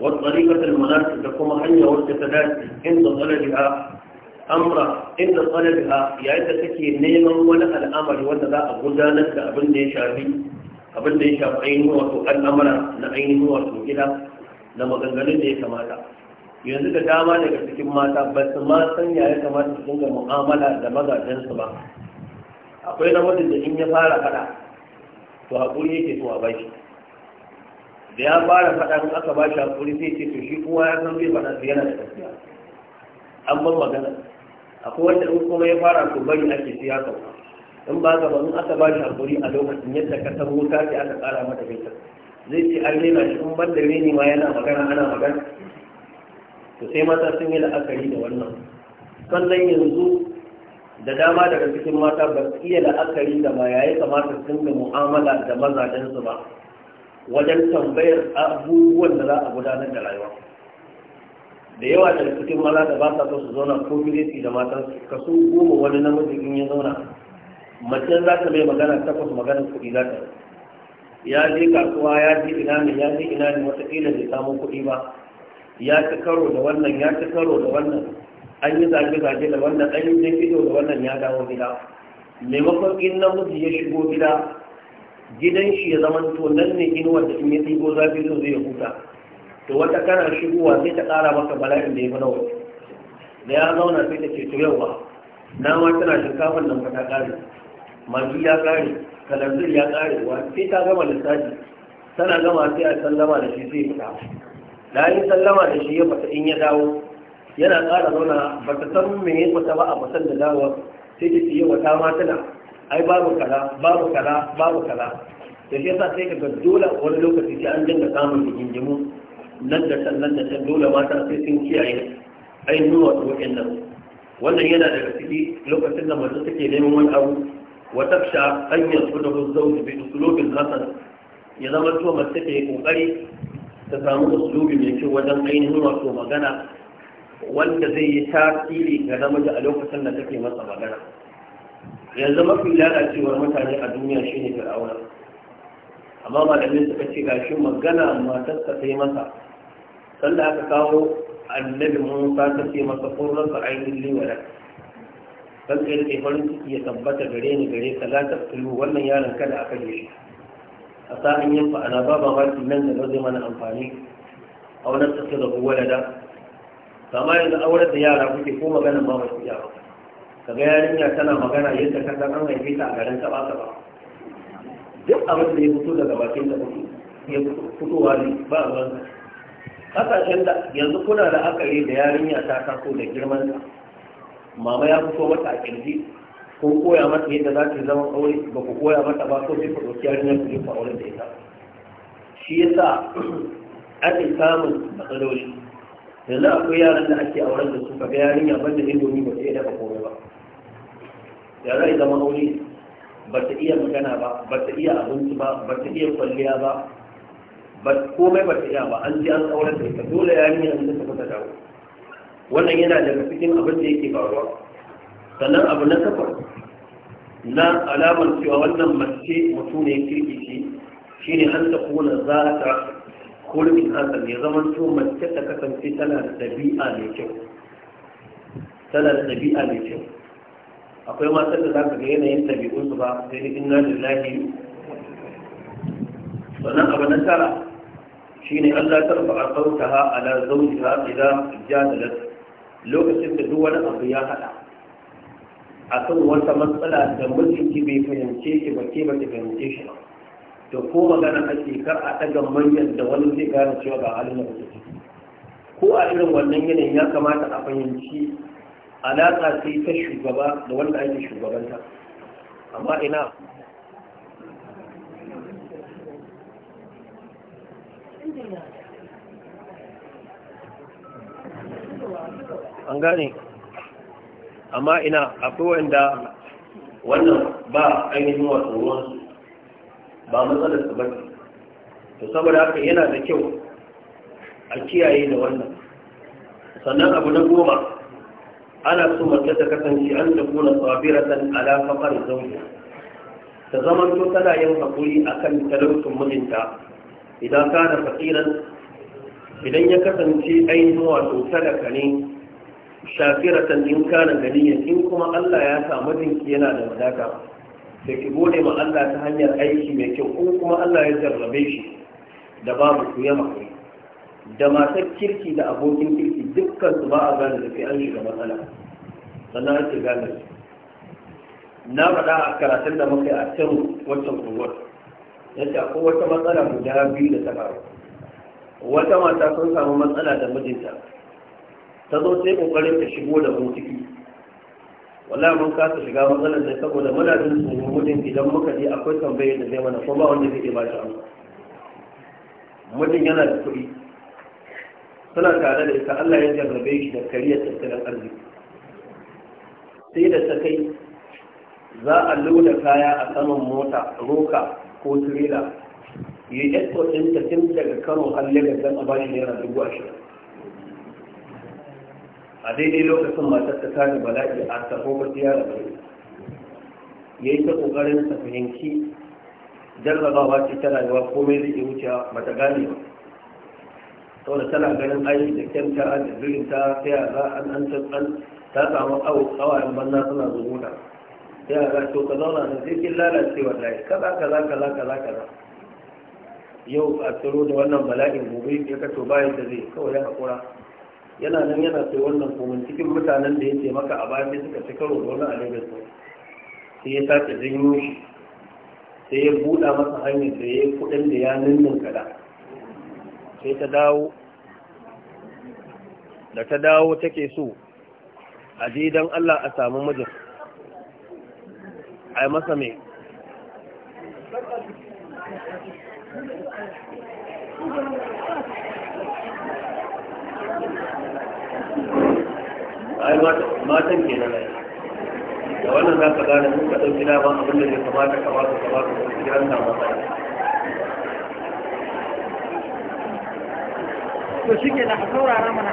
والطريقة المناسبة لكم حية والتفدات عند طلبها أمر عند طلبها يعني تكي نيما ولا الأمر ولا لا أبدانك أبن دي شابي أبن دي شاب عينه وتو الأمر لعينه وتو إلى لما تنقلن دي كماتا yanzu da dama daga cikin mata ba su ma san ya kamata su dinga mu'amala da mazajensu ba akwai namijin da in ya fara fada to haƙuri yake zuwa bashi da ya fara faɗa in aka ba shi hakuri sai ce to shi kowa ya san zai faɗa su yana da gaskiya an ban magana akwai wanda in kuma ya fara to bari ake siyasa in ba ka ba in aka ba shi hakuri a lokacin yadda ka san wuta sai aka ƙara mata gaita zai ce an rena shi in ban da reni ma yana magana ana magana to sai mata sun yi la'akari da wannan sannan yanzu da dama daga cikin mata ba su iya la'akari da ba yayi kamata sun ga mu'amala da mazajensu ba wajen tambayar abubuwan da za a gudanar da rayuwa da yawa da cikin maza da ba sa so su zauna ko bilisi da matan kaso goma wani namiji in ya zauna mace za ta mai magana takwas magana kuɗi za ta ya je kasuwa ya je ina ne ya je ina ne wataƙila bai samu kuɗi ba ya ci karo da wannan ya ci karo da wannan an yi zage-zage da wannan an yi ido da wannan ya dawo gida maimakon in namiji ya shigo gida gidan shi ya zama to nan ne inuwar da in ya tsibo zafi zo zai huta to wata kana shigowa sai ta ƙara maka bala'in da ya fara wani da ya zauna sai ta ce to yawa nama tana shinkafar nan fata kare maji ya kare, kalanzir ya kare wa sai ta gama lissafi tana gama sai a sallama da shi zai fita da yi sallama da shi ya fata in ya dawo yana ƙara zauna ba ta san me ya fata ba a fasan da dawo sai ta ce yawa ta ma tana ai babu kaza babu kaza babu kaza da shi yasa sai kaga dole wani lokaci sai an dinga samun jinjimu nan da can nan da can dole mata sai sun kiyaye ainihin wa'in nan. wannan yana daga ciki lokacin da mace take neman wani abu wa tafsha an yasudahu zawj bi usulubin hasan ya zama to mace take kokari ta samu usulubi mai kyau wajen ainihin wato magana wanda zai yi tasiri ga namiji a lokacin da take masa magana yanzu mafi lalacewar mutane a duniya shine fir'auna amma malamai suka ce ga shi magana amma ta yi masa sanda aka kawo annabi musa ta ce masa kurrarsa ainihin liwala kan tsaye ke farin ciki ya tabbata gare ni gare ka ta tafsilu wannan yaron kada aka je shi a sa'an yin fa'ana ba ba ma nan da ba zai mana amfani a wannan da da kama yanzu auren da yara kuke ko magana ba ba su ba kaga yarinya tana magana yadda ka san an haife ta a garin saba saba duk abin da ya fito daga bakin da ya fitowa ne ba a ruwan kasashen da yanzu kuna da akari da yarinya ta taso da girman ta mama ya fito mata a kirji ko koya mata yadda za ta zama aure ba ku koya mata ba ko sai ɗauki yarinya ku jefa aure da ita shi yasa ake samun matsaloli yanzu akwai yaran da ake auren da su kaga yarinya banda indomi ba ta iya dafa komai ba ya zai zama aure ba ta iya magana ba ba ta iya abinci ba ba ta iya kwalliya ba ba komai ba ta iya ba an ji an auren da ita dole yarinya an ta ta dawo wannan yana daga cikin abin da yake faruwa sannan abu na takwas na alamar cewa wannan mace mutum ne kirki shi shine hanta ta kuna za ta ko rufin hasan ya zama to mace ta kasance tana da ɗabi'a mai kyau tana da ɗabi'a mai kyau akwai matan da za ka ga yanayin ɗabi'unsu ba sai dai da lahi? sannan abu na tara Shi shine Allah ta rufa sautaha ala zawjiha idan jadalat lokacin da duk wani abu ya hada kan wata matsala da mijinki bai fahimce ki ba ke ba ki fahimce shi ba Da ko magana ake kar a ɗaga manyan da wani zai gane cewa ba halin da kuke ko a irin wannan yanayin ya kamata a fahimci alaƙa sai ta shugaba da wanda ake shugabanta amma ina an gane amma ina akwai wanda wannan ba ainihin wasu ruwansu ba matsalar su bane to saboda haka yana da kyau a kiyaye da wannan sannan abu na goma ana so mace ta kasance an da kuna sabiratan ala faqar zawji ta zama to tana yin hakuri akan talaucin mijinta idan kana fakiran idan ya kasance ainihin wato sadaka ne shafiratan in kana ganiyan in kuma Allah ya sa jinki yana da wadata da ki gode ma Allah ta hanyar aiki mai kyau ko kuma Allah ya jarrabe shi da babu ku ya makwai da matar kirki da abokin kirki dukkan su ba a gane da sai an shiga matsala sannan ake gane su na faɗa a karatun da muka a can wancan kogon ya ce akwai wata matsala guda biyu da ta faru wata mata sun samu matsala da mijinta ta zo sai kokarin ta shigo da mu wallahi mun kasa shiga matsalar ne saboda muna jin tsoron mijin idan muka je akwai tambayar da zai mana ko ba wanda zai ba shi amsa Mutum yana da kuɗi suna tare da ita Allah ya jarrabe shi da kariya tattalin arziki sai da ta kai za a loda kaya a saman mota roka ko tirela ya yi ɗin ta tun daga kano har lagos don a bashi naira dubu ashirin a daidai lokacin matar ta kane bala'i a tafi ba ta yara ya yi ta ƙoƙarin ta fahimci jarrabawa ce ta rayuwa komai zai iya wuce ba ta gane ba da tana ganin ai da kyanta da zirinta ta yara an an an ta samu tsawayen banna suna zubuta ta yara to ka zauna da sai kin lalace wallahi kaza kaza kaza kaza kaza yau a tsoro da wannan bala'in gobe ya kato bayan da zai kawai ya haƙura yana nan yana sai wannan komin cikin mutanen da ya ce maka a bayan suka ci karo da wani alibis sai ya sake janyo shi sai ya buɗa masa hanyar da ya yi kuɗin da ya ninnin kada sai ta dawo da ta dawo take so a je don Allah a samu mijin a yi masa mai Thank you. matan ke nan da wannan za ka gane mun ka ɗauki dama abin da zai kamata ka kamata ka ka ba ka matsala to shi ke da a saurara mana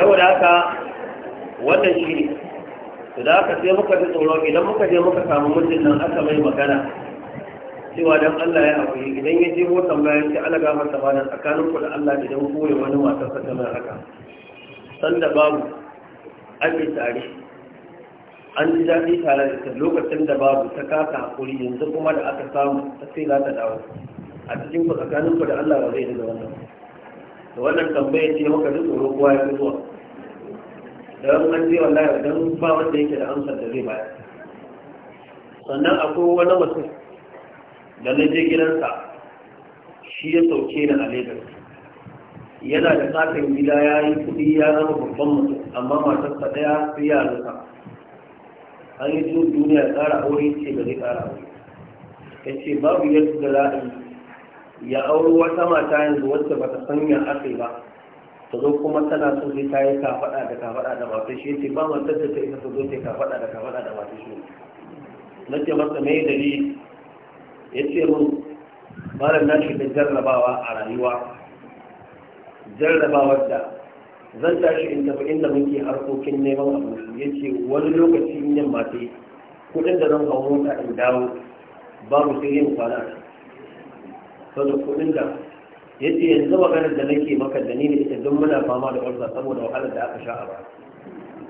saboda haka wannan shi ne da haka sai muka ji tsoron idan muka je muka samu mutum nan aka mai magana cewa don Allah ya haƙuri idan ya je motan bayan ce ana gafar ta bada tsakanin ku da Allah idan koyi wani wasan sa kamar haka sanda babu an yi tare an ji daɗi tare da lokacin da babu ta kasa haƙuri yanzu kuma da aka samu ta sai za ta dawo a cikin ku tsakanin ku da Allah ba zai daga wannan da wannan ya ce maka duk tsoro kowa ya fi zuwa dan an je wallahi don ba wanda yake da amsar da zai bayar sannan akwai wani mutum da na je gidansa shi ya sauke da a yana da katin gida ya yi kuɗi ya zama babban mutum amma matarsa ɗaya sai ya zuka an yi tun duniya tsara aure ce da zai tsara aure ya ce babu yadda za a ya auri wata mata yanzu wacce ba ta sanya aka ba ta zo kuma tana so sai ta yi kafaɗa da kafaɗa da matar shi ce ba matar da ta isa ta zo ta kafaɗa da kafaɗa da matar shi na ce masa mai dalili ya ce mun malam na shiga jarrabawa a rayuwa jarrabawar da zan tashi in tafi inda muke harkokin neman abu ya ce wani lokaci in yamma mata kudin da zan hau mota in dawo babu sai yin kwana sau da kudin da ya ce yanzu maganar da nake maka da ni ne ita don muna fama da ƙwarza saboda wahalar da aka sha a ba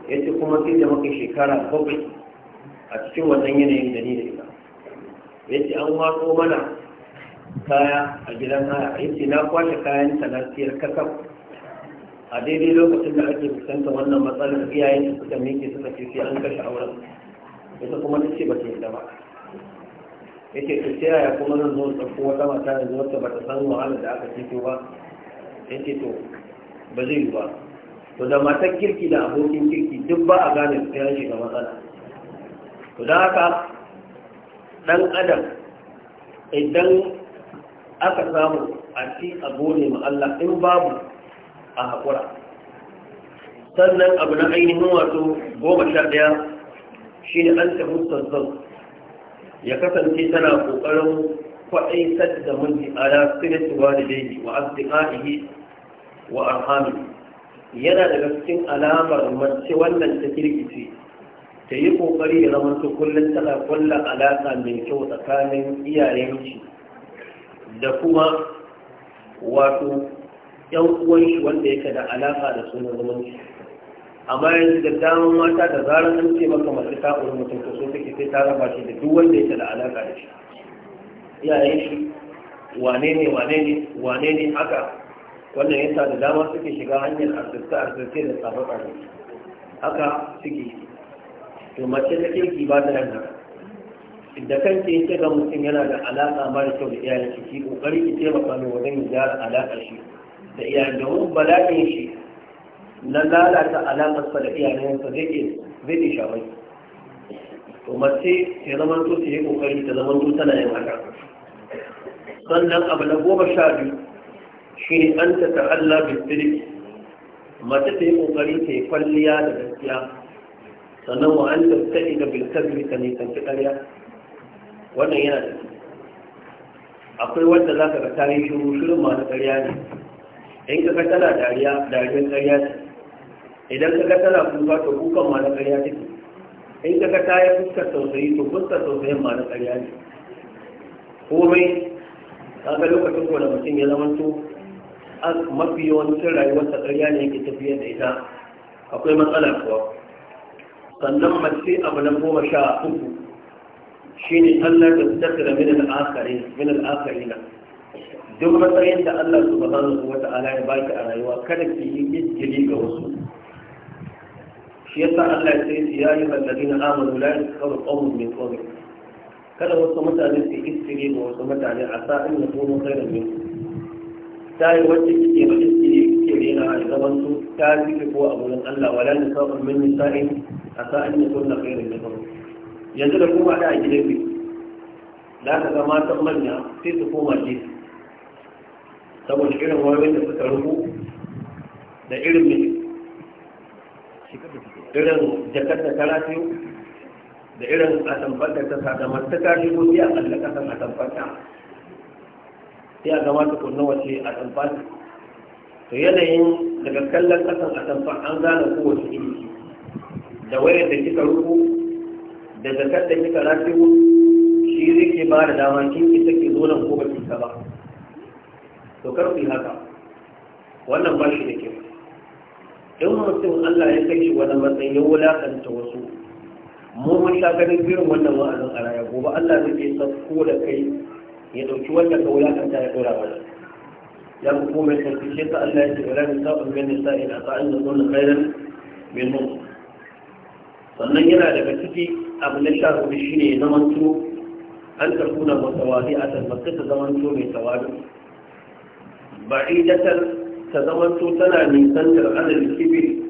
ya ce kuma sai da maka shekara bakwai a cikin wannan yanayin da ni da ita yace an wato mana kaya a gidan haya yace na kwashe kayan sanatiyar kasaf a daidai lokacin da ake fuskanta wannan matsalar iyayen su suka miƙe suka ce sai an kashe auren ita kuma ta ce ba ta yadda ba yake ta ce yaya kuma zan zo tsakko wata mata yanzu wata ta bata san wahala da aka cikin ba yake to ba zai yi ba to da matar kirki da abokin kirki duk ba a gane su ya shiga matsala to da haka ɗan adam idan aka samu a ci a gode Allah in babu a haƙura sannan abu na ainihin wato goma sha ɗaya shi ne an tafi sassan ya kasance tana ƙoƙarin kwaɗaitar da mulki ala sinatuwa da daidai wa asdiqaihi wa arhami yana daga cikin alamar mace wannan ta kirkice ta yi kokari ya zama su kullum tana kulla alaƙa mai kyau tsakanin iyayen shi da kuma wato yan uwan shi wanda yake da alaƙa da sunan zumunci amma yanzu da daman mata da zarar an ce maka masu ta'ur mutum ta so take sai ta raba shi da duk wanda yake da alaƙa da shi iyayen shi wane ne wane ne wane ne haka wannan yasa da dama suke shiga hanyar arzikta arzikta da tsafe haka suke to mace da kirki ba ta nan haka da kanke yake ga mutum yana da alaƙa mara kyau da iyayen shi ki kokari ki taimaka mai wajen gyara alaka shi da iyayen da wani bala'in shi na lalata alaƙar sa da iyayensa zai ke zai ke shafai to mace ta zama to ta yi kokari ta zama to tana yin haka sannan abu na goma sha biyu shi ne an ta ta'alla bi mace ta yi kokari ta yi kwalliya da gaskiya sannan wa ta tabta'i da bilkazmi ka ne tanci ƙarya wannan yana da akwai wanda za ka ga ta yi shiru shirin ma na ƙarya ne in ka ga tana dariya dariyar ƙarya ce idan ka ga tana kuka to kukan ma na ƙarya take in ka kata ya yi fuskar tausayi to fuskar tausayin ma na ƙarya ne komai kaga lokacin ko da mutum ya zama zamanto mafi yawancin rayuwarsa ƙarya ne yake tafiyar da ita akwai matsala kuwa sannan mace abu na goma sha uku shi ne Allah da tattara min al'akari min al'akari na duk matsayin da Allah subhanahu wa ta'ala ya baki a rayuwa kada ki yi ijjiri ga wasu shi yasa Allah ya ce ya yi alladina amanu la yaskaru qawmun min qawmin kada wasu mutane su iskire ga wasu mutane a sa in ya kuma khairan min ta yi wacce kike ba iskire kike rena a gaban su ta fi ko a gurin Allah wala nisa'un min nisa'in asa an yi sunna khairin min yanzu da kuma da a gidan bi da ka ga matan manya sai su koma ji saboda irin wani da suka rubu da irin mai irin jakar da ta rafiyo da irin atamfar da ta sada masu ta shi ko a kalla kasan atamfar ta sai a gama ta kunna wace atamfar to yanayin daga kallon kasan atamfar an gane kowace iri da wayar da kika ruku da zakar da kika rafiwu shi zai ke ba da dama kin ki take zo nan ko ba ki ba to karfi haka wannan ba shi da kyau in mutum Allah ya kai shi wani matsayi ya wulakanta wasu mu mun sha ganin wannan wa'azin a raya gobe Allah zai ke sauko da kai ya dauki wannan ka wulakanta ya dora mana ya kuma mai sarki sai ta Allah ya ce ran sa'un a nisa'in ata'an nuna khairan minhum sannan yana daga ciki abu na sha hudu shi ne zamanto an na mutawazi a tabbata ta zamanto mai tawadu ba'idatar ta zamanto tana nisantar ranar kibir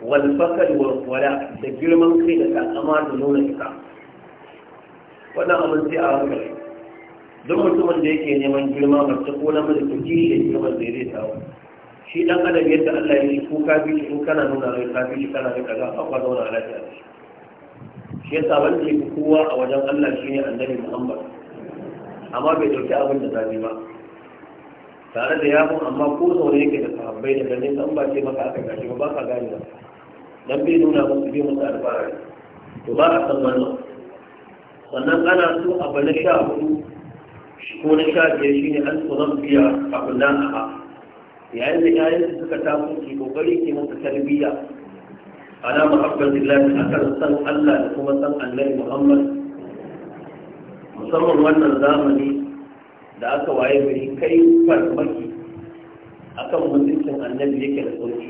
wal fakar wala da girman kai da kakama da nuna ita wannan abin sai a hankali duk mutumin da yake neman girma mace ko namiji to kishi girman zai zai samu shi dan adam yadda Allah ya yi ko ka bi shi in kana nuna rai ka bi shi kana rai kaza akwai zauna lafiya da shi ya yasa wanda yake kowa a wajen Allah shi ne annabi Muhammad amma bai dauki abin da zabi ba tare da yawon amma ko zaune yake da sahabbai da ganin san ba ce maka aka gashi ba ba ka gani ba dan bai nuna musu bai musu alfara to ba a san wannan sannan ana so abu na sha hudu ko na sha biyar ne an tsoron biya a nan a yayin da yayin suka tafi ke kokari ke masa tarbiyya ana muhabbatillahi akan san Allah da kuma san Annabi Muhammad musamman wannan zamani da aka waye gari kai farmaki akan mutuncin Annabi yake da sauki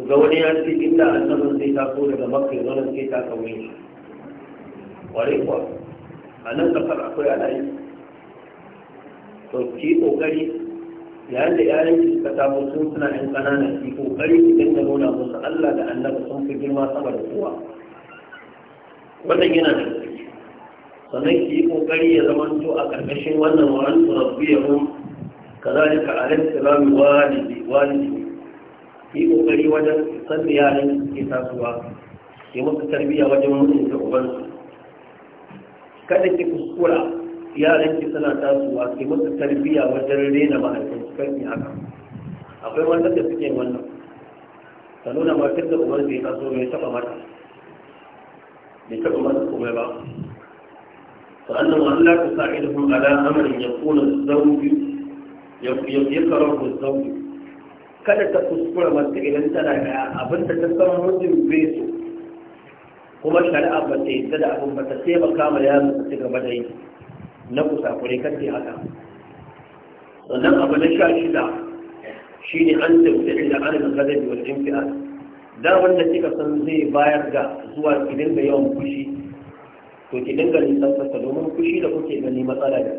to ga wani ya ce inda annabin zai taso daga makka zuwa sai ta kawai shi ware kuwa a nan kafar akwai alayi to ki kokari yayin da yayan ki suka samu sun suna yan ƙanana ki kokari ki dinga nuna musu Allah da Annabi sun fi girma sama da kowa wannan yana da sannan ki yi kokari ya zama to a ƙarƙashin wannan wa'an rabbiyahum kazalika al-islam walidi walidi yi kokari wajen san da yaran ke tasowa ke musu tarbiyya wajen mutunta ubansu kada ki kuskura yaran ki suna tasowa ke musu tarbiyya wajen rena mahaifin kan haka akwai wanda da suke wannan ta nuna matar da umar bai taso mai taba mata bai taba mata komai ba fa annan wa Allah ta sa'idhum ala ya yakuna karar da zaubi kada ta kuskura masu idan tana da abin da ta san mutum bai so kuma shari'a ba ta yi da abin ba ta taimaka ma yaron ta ci gaba da yi na kusakurai kake haka sannan abu na sha shida shi ne an tafi da ana da wajen fi'a. da wanda kika san zai bayar da zuwa ki dinga yawan fushi to ki dinga fasa domin kushi da kuke gani matsala da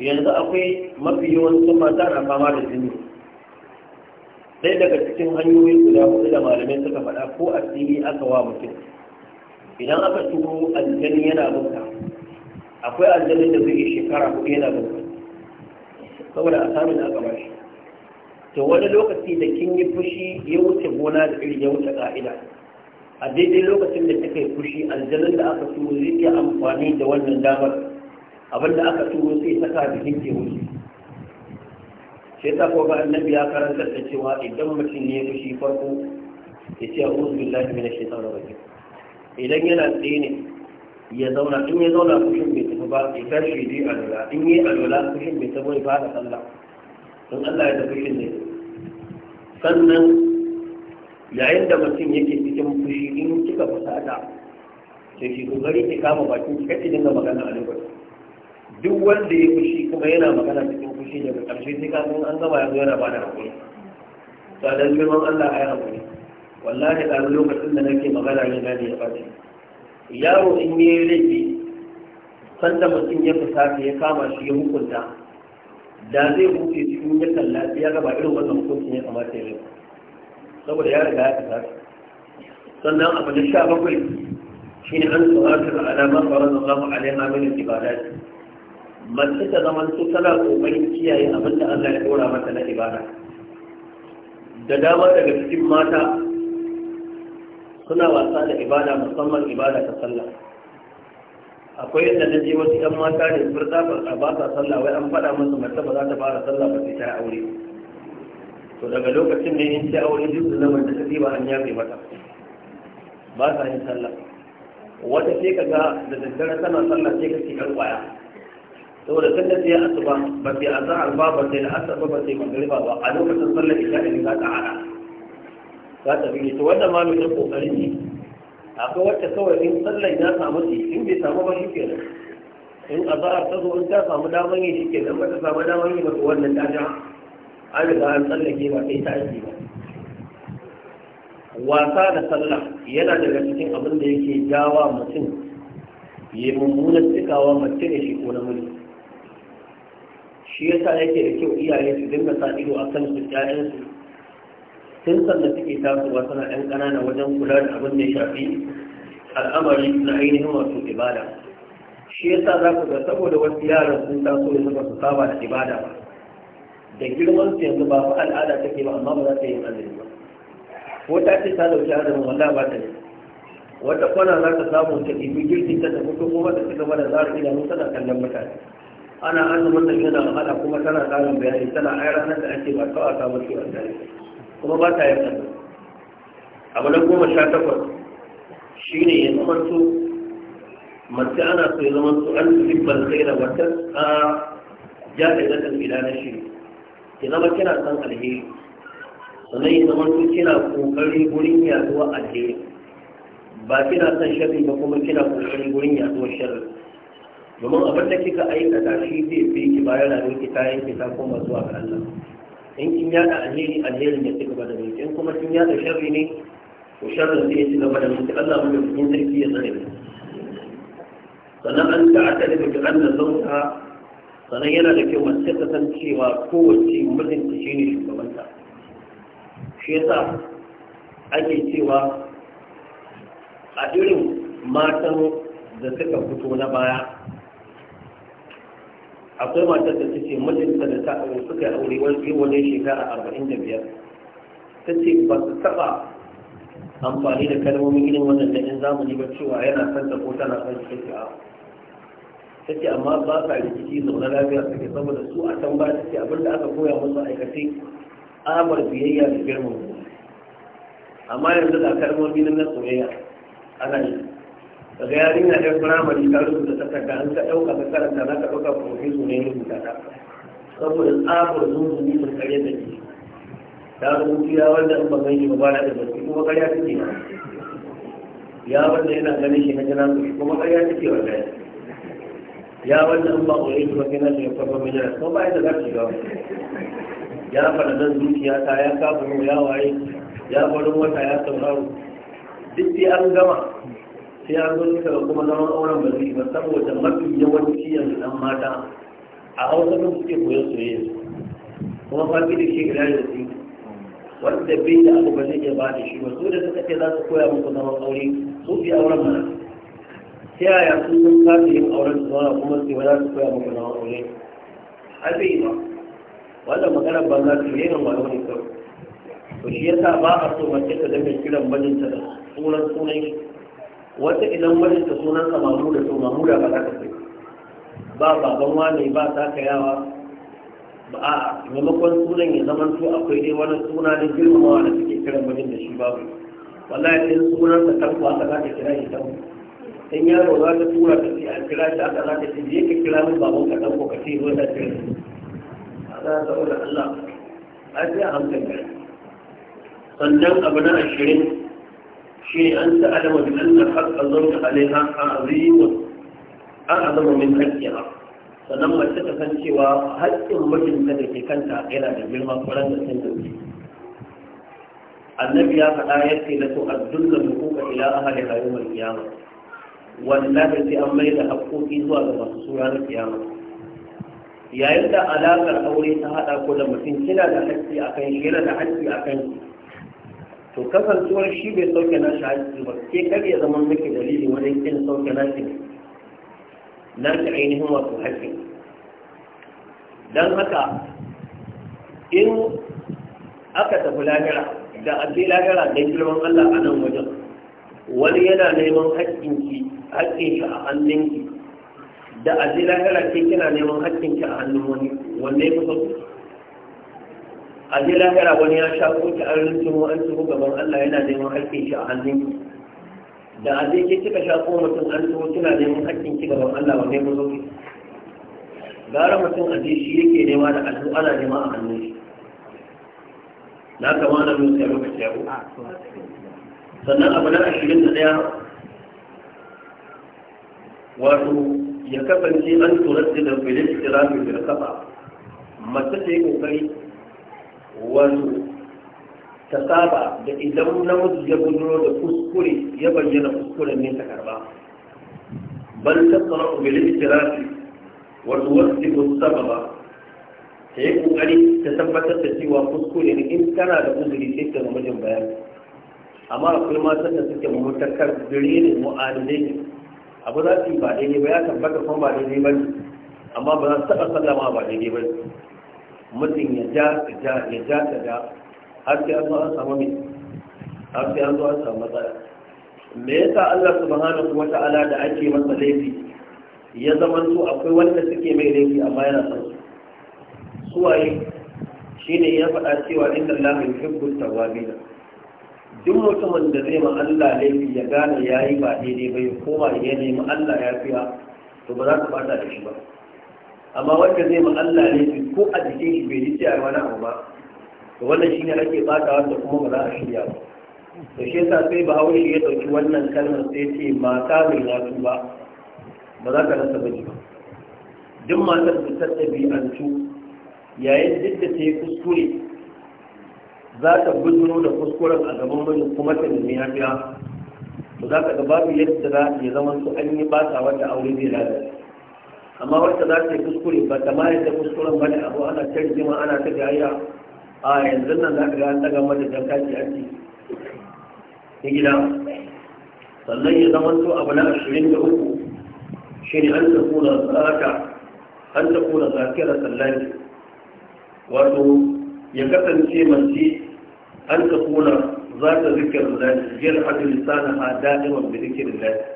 yanzu akwai mafi yawancin mata na fama da jini sai daga cikin hanyoyi guda hudu da malamai suka faɗa ko asiri aka wa mutum idan aka turo aljani yana bauta akwai aljannin da zai shekara ko yana da saboda a samun aka ba shi to wani lokaci da kin yi fushi ya wuce gona da iri ya wuce ka'ida a daidai lokacin da kika yi fushi aljannin da aka turo zai iya amfani da wannan damar abin da aka turo sai saka kin ke wuce shi ta ko ga annabi ya karanta da cewa idan mutum ne ya fushi farko ya ce a'udhu billahi minash shaitanir rajim idan yana tsaye ne ya zauna in ya zauna kushin bai tafi ba ya tashi dai alwala in yi a alwala kushin bai tafi bai fara sallah in Allah ya tafi shi ne sannan yayin da mutum yake cikin fushi in kika fusata sai shi kokari ki kama bakin ki kace dinga magana a lokacin duk wanda ya fushi kuma yana magana cikin fushi daga ƙarshe sai ka san an gaba yanzu yana ba da hakuri to dan girman Allah ayi hakuri wallahi da lokacin da nake magana ne na ne ya fashi yaro in yi laifi sanda mutum ya fita ya kama shi ya hukunta da zai huce cikin ya kalla ya gaba irin wannan hukuncin ya kamata ya yi saboda ya riga ya fita sannan abu na sha bakwai Shi ne an tsawatar alama faran Allah alaiha min ibadat mace ta zama su tana kokarin kiyaye abin da Allah ya dora mata na ibada da dama daga cikin mata suna wasa da ibada musamman ibada ta sallah akwai yadda na je wasu yan mata ne furta a ba sa sallah wai an faɗa musu mace ba za ta fara sallah ba sai ta aure to daga lokacin ne in ta aure duk da zaman da ta ba an yafe mata ba sa yin sallah wata sai ka ga da daddare tana sallah sai ka cikar kwaya saboda kan da sai asuba ba sai azhar ba ba sai la'asar ba ba sai magriba ba a lokacin sallar isha ne za ta hada za ta bige ta wanda ma mai kokari ne akwai wacce kawai in sallar ya samu shi in bai samu ba shi kenan in azara ta zo in ta samu daman yi shi kenan ba ta samu daman yi ba wannan ta ja an riga an tsallake ba sai ta yi ba wasa da sallah yana daga cikin abin da yake jawa mutum ya mummunan cikawa mace da shi ko namiji shi yasa yake da kyau iyaye su dinga sa ido a kan su ƴaƴansu Sun sanda suke tasowa suna ɗan ƙanana wajen kula da abin da ya shafi al'amari na ainihin wasu ibada shi yasa za ku ga saboda wasu yaran sun taso da suka su saba da ibada ba da girman su yanzu ba fa al'ada take ba amma ba za ta yi azumi ba ko ta ce ta dauki azumin wanda ba ta ne wata kwana za ta samu ta ɗibi girki ta tafi ko kuma ta ci gaba da zara idanu tana kallon mutane ana azumin da yana wahala kuma tana tsarin bayani tana ai ranar da ake ba ta wasa ba ce kuma ba ta yin sallah abu na goma sha takwas shi ne ya su. mace ana so ya su an zibbar da wata a jahilatan ila na shi ya zama kina san alheri sannan ya su kina kokarin gurin yaduwa alheri ba kina san sharri ba kuma kina kokarin gurin yaduwa sharri domin abin da kika aikata shi zai fi ki bayan da ki ta yanke ta koma zuwa ga Allah in kin yada alheri alherin ya ci gaba da in kuma kin yada sharri ne to sharrin zai ci gaba da mai Allah mu da cikin sarki ya tsare sannan an ta'ata da bi anna zawta sannan yana da kyau mace ta san cewa kowace shi ne shugabanta shi yasa ake cewa a irin matan da suka fito na baya akwai matar da ta ce mijinta da ta aure suka aure wani wani shekara arba'in da biyar ta ce ba su taɓa amfani da kalmomin irin wannan da yan zamani ba cewa yana son ta ko tana son shi ce a ta ce amma ba sa rikici zaune lafiya suke saboda su a can ba ta ce abinda aka koya musu aikace amar biyayya da girmama amma yanzu da kalmomin na soyayya ana yi daga yarinya ɗan firamare ta rubuta takarda an ka ɗauka ka karanta na ka ɗauka profeso ne rubuta ta saboda tsabar zunzuni mun karya da ke ta rubutu ya wanda in ba gani ba na da gaske kuma karya take ya wanda yana ganin shi na jana kuma karya take wa gaya ya wanda in ba ƙoye shi ba na shi ya mai jana kuma ba da za su gawa ya faɗa nan zuciya ta ya kafa ya waye ya farin wata ya sauraro duk sai an gama sai an zo suka ga kuma zaman auren ba zai ba saboda mafi yawanci yanzu dan mata a hausa ne suke koyon soyayya kuma ba ki da shi gira da su wanda bai da abu ba zai iya ba da shi ba su da suka ce za su koya muku zaman aure su fi auren mana ta yaya sun sun kasa yin auren su zauna kuma su za su koya muku zaman aure har bai yi ba wannan magana ba za su yi nan wani wani kawai to shi yasa ba a so mace ta dinga kiran mijinta da sunan sunan shi wata idan mijinta sunan sa mamuda to mamuda ba za ka sai ba baban wani ba ta kayawa ba a maimakon sunan ya zama to akwai dai wani suna ne girmamawa da suke kiran mijin da shi babu wallahi in sunan sa tankwa ta za ta kira shi tankwa in yaro za ta tura ka ce a kira shi aka za ta ce je ka kira min baban ka ɗauko ka ce zo da kira a za ta da Allah a ce a hankali sannan abu na ashirin an شيء أن تعلم بأن حق الزوج عليها An أعظم min حقها sannan mace ta san cewa haƙƙin mijinta da ke kanta yana da girma furan da sun dauki annabi ya faɗa ya ce da to addunna hukuka ila ahli hayyul qiyama wallahi sai an mai da haƙƙoƙi zuwa ga masu sura na qiyama yayin da alaƙar aure ta haɗa ko da mutum kina da haƙƙi akan shi yana da haƙƙi akan shi to kasancewar shi bai sauke na shi ba sai kar ya zama miki dalili wajen kin sauke na shi na shi ainihin wato haƙƙi don haka in aka tafi lahira da je lahira da girman Allah a nan wajen wani yana neman haƙƙinki haƙƙin shi a hannunki da a je lahira ke kina neman haƙƙinki a hannun wani wanne ya fi sauke a je lahira wani ya sha koki an rinci mu an tsoro gaban Allah yana neman haƙƙin shi a hannun da a je ke kika sha ko mutum an tsoro kina neman haƙƙin ki gaban Allah wanne mu zo gara mutum a shi yake nema da addu'a ana nema a hannun shi na kama na nuna ya lokaci ya sannan abu na ashirin da ɗaya wato ya kasance an turar da filin da rafi da kafa mace ta yi kokari wato ta saba da idan namiji ya gudunar da kuskure ya bayyana kuskuren ne ta karba bal ta tsara bil istirafi wa saba ba. ta yi kokari ta tabbatar da cewa kuskure ne in kana da uzuri sai ta namijin bayan amma akwai matan da suke mutakar gire ne mu'adilai ne abu za su yi ba daidai ba ya tabbata kuma ba daidai ba ne amma ba za su taɓa sallama ba daidai ba ne mutum ya ja ka ja ya ja ka ja har sai an zo an samu mai har sai an zo an samu matsala me yasa Allah subhanahu ta'ala da ake masa laifi ya zama su akwai wanda suke mai laifi amma yana son su suwaye shine ya faɗa cewa inna Allah yuhibbu tawabina duk mutumin da zai ma Allah laifi ya gane yayi ba daidai dai bai koma ya nemi Allah yafiya to ba za ka fada da shi ba amma wanda zai ma Allah ne ko a jikin shi bai ji a wani abu ba to wannan shine ake bata wanda kuma ba za a shirya ba to shi yasa sai bahaushe ya dauki wannan kalmar sai ce mata mai yatsu ba ba za ka rasa ba ba duk matar da ta tu yayin duk da ta yi kuskure za ta bujiro da kuskuren a gaban mai kuma ta nemi yafiya to za ka ga babu yadda za ya zama su an yi bata wanda aure zai lalace amma wacce za ta yi kuskure ba ta mayar da kuskuren ba ne abu ana canji rigima ana ta gaya a yanzu nan za ka ga an daga mata jan kaji a ci ta gida sannan ya zama to abu na ashirin da uku shi ne an ta kuna zaka an ta kuna zakira sallani wato ya kasance mace an ta za ta zikir lillahi jiyar hadu lisanaha daɗin wanda zikirin lillahi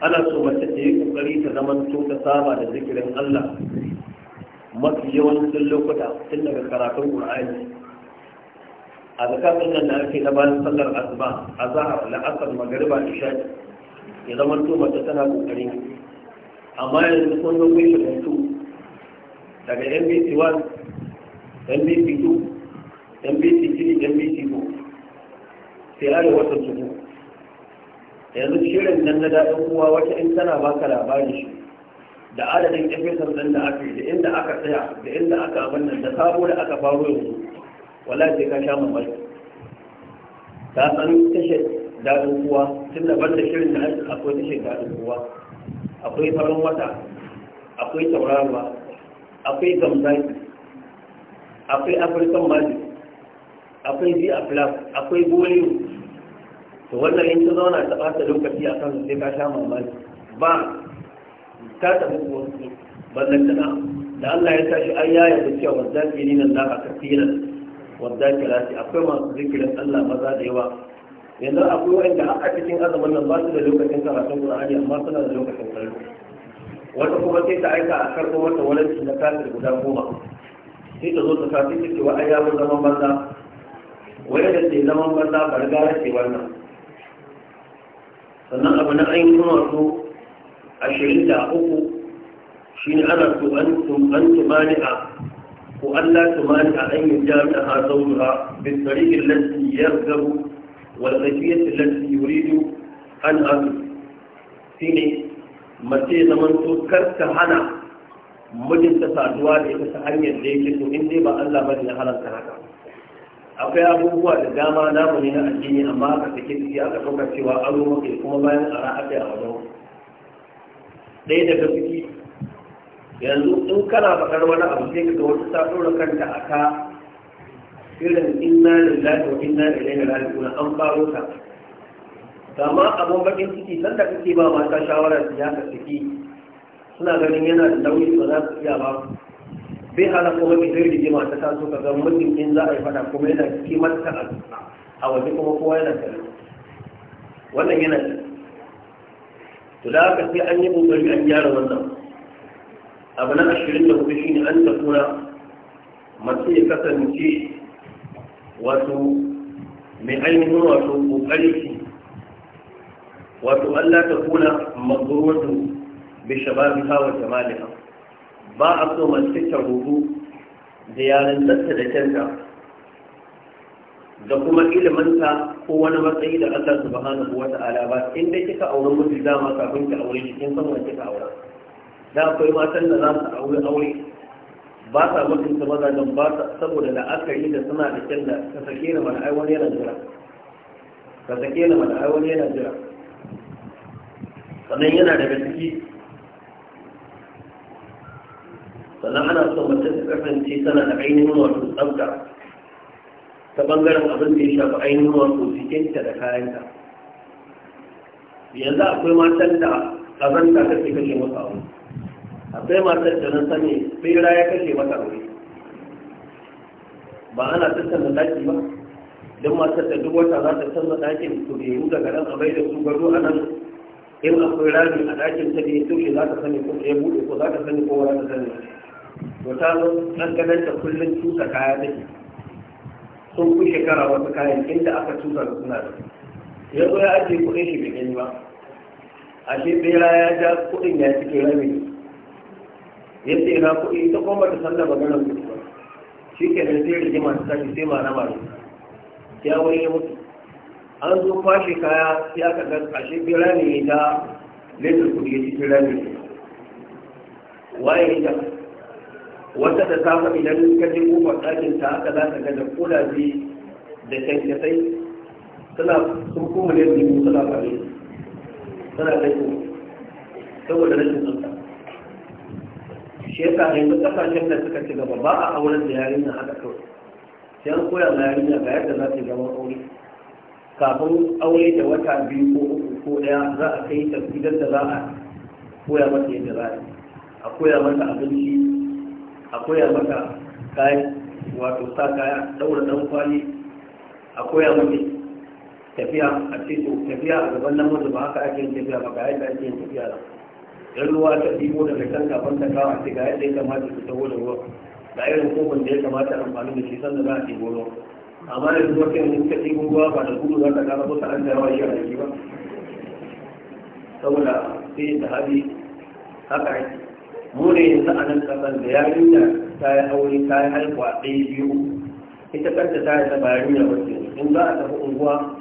ana so mace ta yi kokari ta zama to ta saba da zikirin Allah mafi yawancin lokuta tun daga karatun Qur'ani a zakatun nan da ake na bayan sallar asuba azhar la'asar magriba isha ya zama to mace tana kokari amma yanzu kun zo kun shiga daga MBC 1 MBC 2 MBC 3 MBC 4 sai arewa wata tuhu yanzu shirin nan na daɗin kuwa wata in tana baka labari shi da adadin efesan nan da aka da inda aka tsaya da inda aka abinnan da sabo da aka faro yanzu wala sai ka sha mamaki ta san tashar daɗin kuwa tun da banda shirin da akwai tashar daɗin kuwa, akwai farin wata akwai taurarwa akwai gamzaki akwai afirkan magic akwai zi akwai bollywood to wannan in ta zauna ta ɓata lokaci a kan sai ka sha mamaki ba ta tafi kuwa ballantana da Allah ya tashi an yaya da cewa ke wadzakirin Allah a ke wadzakirati akwai masu zikirin Allah maza da yawa yanzu akwai wanda a cikin azumin nan ba su da lokacin karatun Qur'ani amma suna da lokacin kallo wata kuma sai ta aika a karɓo mata walanci na kafir guda goma sai ta zo ta kafin ta cewa ai ya zama banza wani da ke zaman banza barga ya ce wannan sannan abu na ainihin wato ashirin da uku shi ne ana so an tumani a ko an la tumani a an jami'a a zauruwa bin tarihin lantin ya gabu wal tafiyar lantin yuridu an azu shi ne mace zaman to karka hana mijinta saduwa da ita ta hanyar da yake so in dai ba Allah bane na halarta haka akwai abubuwa da dama na ne na addini amma aka take ciki aka ɗauka cewa aro mafi kuma bayan a aka yi a wajen ɗaya daga ciki yanzu in kana faɗar wani abu sai kaga wata ta ɗora kanta a ka irin inna lillahi wa inna ilaihi raji'un an faro ta amma abun bakin ciki sanda kake ba mata shawarar su ya ciki suna ganin yana da nauyi ba za su iya ba bai hala kuma ki sai rigima ta taso ka ga mutum in za a yi fada kuma yana kimanta a a waje kuma kowa yana kare wannan yana to da haka sai an yi kokari an gyara wannan abu na ashirin da kuma shine an tafura mace ya kasance wato mai ainihin wato kokari shi wato Allah ta kuna magurwatu bi shababiha wa jamaliha ba a so masu cikin rubu da yarintarta da kyanta da kuma ilimanta ko wani matsayi da Allah subhanahu wa ta'ala ba in dai kika aure za ma kafin ki aure cikin san wanda kika aure da akwai matan da za su aure aure ba sa mutunta don ba sa saboda da aka yi da suna da kyanda, ka sake na mana ai yana jira ka sake na mana ai yana jira sannan yana daga ciki sannan ana son mace ta kasance tana da ainihin wato tsabta ta bangaren abin da ya shafi ainihin wato jikinta da kayanta yanzu akwai matan da ƙazanta ta ke kashe masa abu akwai matan da nan sani tsira ya kashe mata aure ba ana da daki ba don matar da duk wata za ta canza dakin da yi daga nan a bai da su gado a nan in akwai rami a dakin ta da ya tushe za ta sani ko ya buɗe ko za ta sani ko wata ta sani to ta zo ɗanɗanar da kullum tusa kaya take sun ku shekara wasu kayan inda aka tusa da suna da ya zo ya ajiye kuɗin shi bai gani ba ashe bera ya ja kuɗin ya cike rami ya ce na kuɗi ita kuma ta san da maganar kuɗi ba shi ke nan sai rigima ta tashi sai ma na mare ya wani ya mutu an zo kwashe kaya ya ka ga ashe bera ne ya ja laifin kuɗi ya cike rami waye ya ja wata da ta idan ka je kuma ɗakin ta haka za ta ga da kulaje da kyankyasai suna sun kuma ne su suna fare suna kai saboda rashin tsanta shi ya sa yanzu kasashen da suka ci gaba ba a auren da yarinya haka kawai sai an koya ma yarinya ga yadda za ta zaman aure kafin aure da wata biyu ko uku ko ɗaya za a kai ta gidan da za a koya mata yadda za a koya mata abinci a koya maka kayan wato sa kaya daura dan kwali a koya tafiya a ce tafiya a gaban namiji ba haka ake yin tafiya ba ga yadda ake yin tafiya ba yan ruwa ta da daga can ban ta kawo a ce ga yadda ya kamata su taho da ruwa da irin kofin da ya kamata amfani da shi sanda za a ɗibo ruwa amma da zuwa kan yin ta ɗibo ruwa ba da gudu za ta kama ta an jawa shi a jiki ba saboda sai da hali haka ake mu yanzu a nan kasar da yarinya ta yi aure ta yi haihuwa ɗaya biyu ita kanta ta yi tabarin ya wace in za a tafi unguwa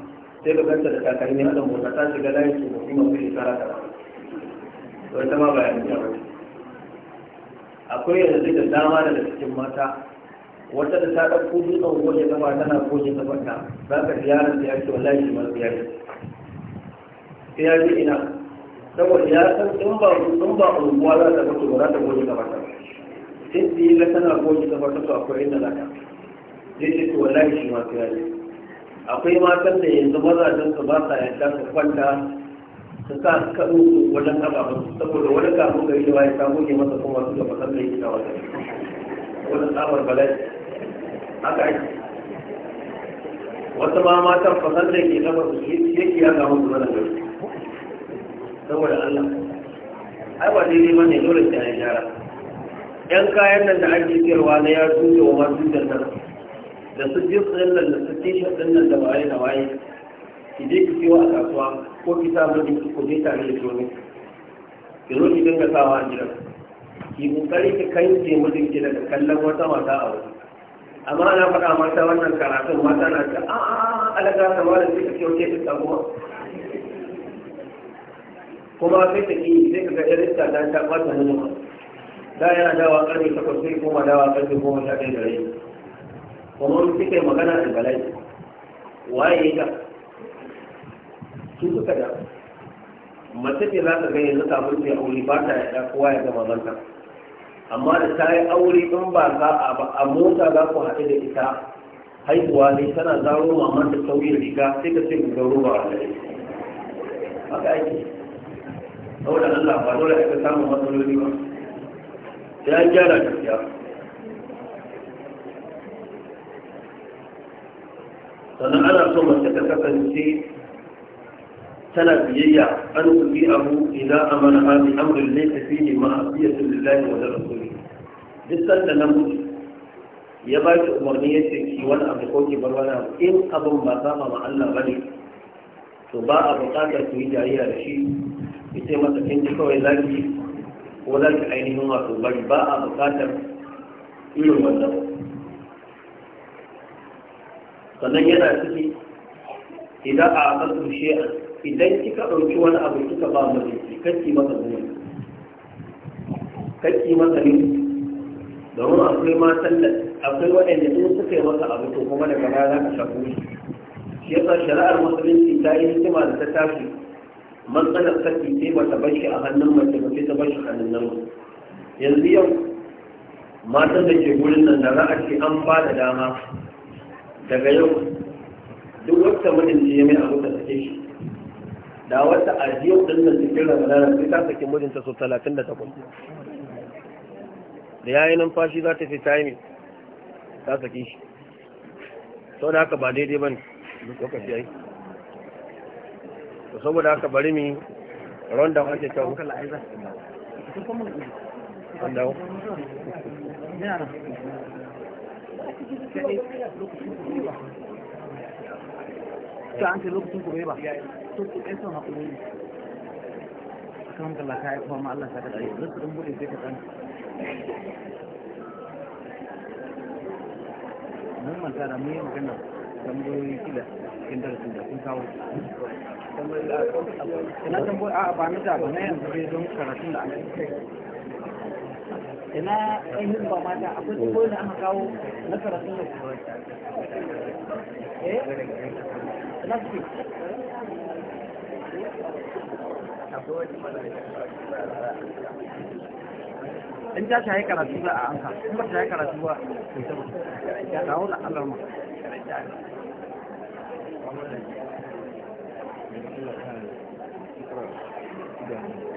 sai ka kanta da kakarni a ɗan mota ta shiga layin su mafi masu shekara ta to ita ma bayan ya wace akwai yanzu da dama daga cikin mata wata da ta ɗauko dutsen goje kafa tana goje kafa ta za ka ziyarar da ya ce wallahi shi ma ziyarar sai ya ina saboda ya san in ba in ba unguwa za ta mutu ba za ta goge gaba ta sai su yi tana goge gaba ta to akwai inda za ta zai ce to wallahi shi ma sai ya akwai matan da yanzu mazajen su ba sa yadda su kwanta su sa kanu su wajen ababen ba saboda wani kafin gari da waye, ta goge masa kuma su da fasar da yake da wata wani tsabar bala'i haka yi. wasu ma matan fasar da yake gaba su yake ya samu su zana gari saboda Allah ai ba daidai ba ne dole sai an gyara yan kayan nan da ake siyarwa na ya tuce wa masu da nan da su jin tsayin nan da su tishin ɗin nan da waye da waye ki je ki siyo a kasuwa ko ki sa mu ki ko je tare da shomi ki zo ki dinga sawa a gidan ki kokari ki mutum ki daga kallon wata mata a waje amma ana faɗa mata wannan karatun mata na ta a'a alaƙa ta da sai ka kyauce ta kuma kuma kai ta ki sai ka ga yarista ta ta ne hannun da yana dawa ƙarfe takwas sai kuma dawa ƙarfe goma sha ɗaya da kuma wani suke magana da bala'i waye ya su suka da mace ce za ka ga yanzu mutu ya aure ba ta yada, kowa ya ga zanta amma da ta yi aure in ba za a mota za ku haɗu da ita haihuwa ne tana zaro mamanta sauyin riga sai ka ce ga gauro ba a haka ake saboda Allah ba dole aka samu matsaloli ba sai an gyara gaskiya sannan ana so mace ta kasance tana biyayya an tuki abu idan amana ha bi amrin ne tafi ne da lillahi wa rasuli duk sanda namiji ya ba ki umarni ya ce ki wani abu ko ki bar wani abu in abin ba saba ma Allah bane to ba a buƙatar ku yi jariya da shi ita masa kin ji kawai zaki ko zaki ainihin wato bari ba a bukatar irin wannan sannan yana ciki idan a kasu shi'a idan kika ɗauki wani abu kika ba mu jiki kaki masa ne kaki masa ne domin akwai matan da akwai waɗanda sun suka yi masa abu to kuma daga baya za ka shafu shi yasa shari'ar musulunci ta yi hikima da ta tashi matsalar sarki sai ba ta bashi a hannun mace ba sai ta bashi hannun nan yanzu yau matan da ke gurin nan da za a ce an ba da dama daga yau duk wata mijin ce ya mai abu ta sake shi da wata ajiyar din nan cikin ramadana sai ta saki mijinta sau talatin da takwas da yayi numfashi za ta fi taimi ta saki shi sau da haka ba daidai ba ne lokaci yayi to saboda haka bari mi ronda wace ta wanda ta an ce lokacin ba to ɗaya haƙuri ne kan kalla ma Allah ta ka zai buɗe sai ka ɗan mun manta da mu yi magana tambayoyi kila cikin da kawo ina tambo a ba na da ba na yanzu dai don karatun da aka kai ina ainihin ba mata akwai tambo da aka kawo na karatun da eh ina su in ta shahi karatu za a anka in ba ta shahi karatu ba ta kawo da alarma Allah ya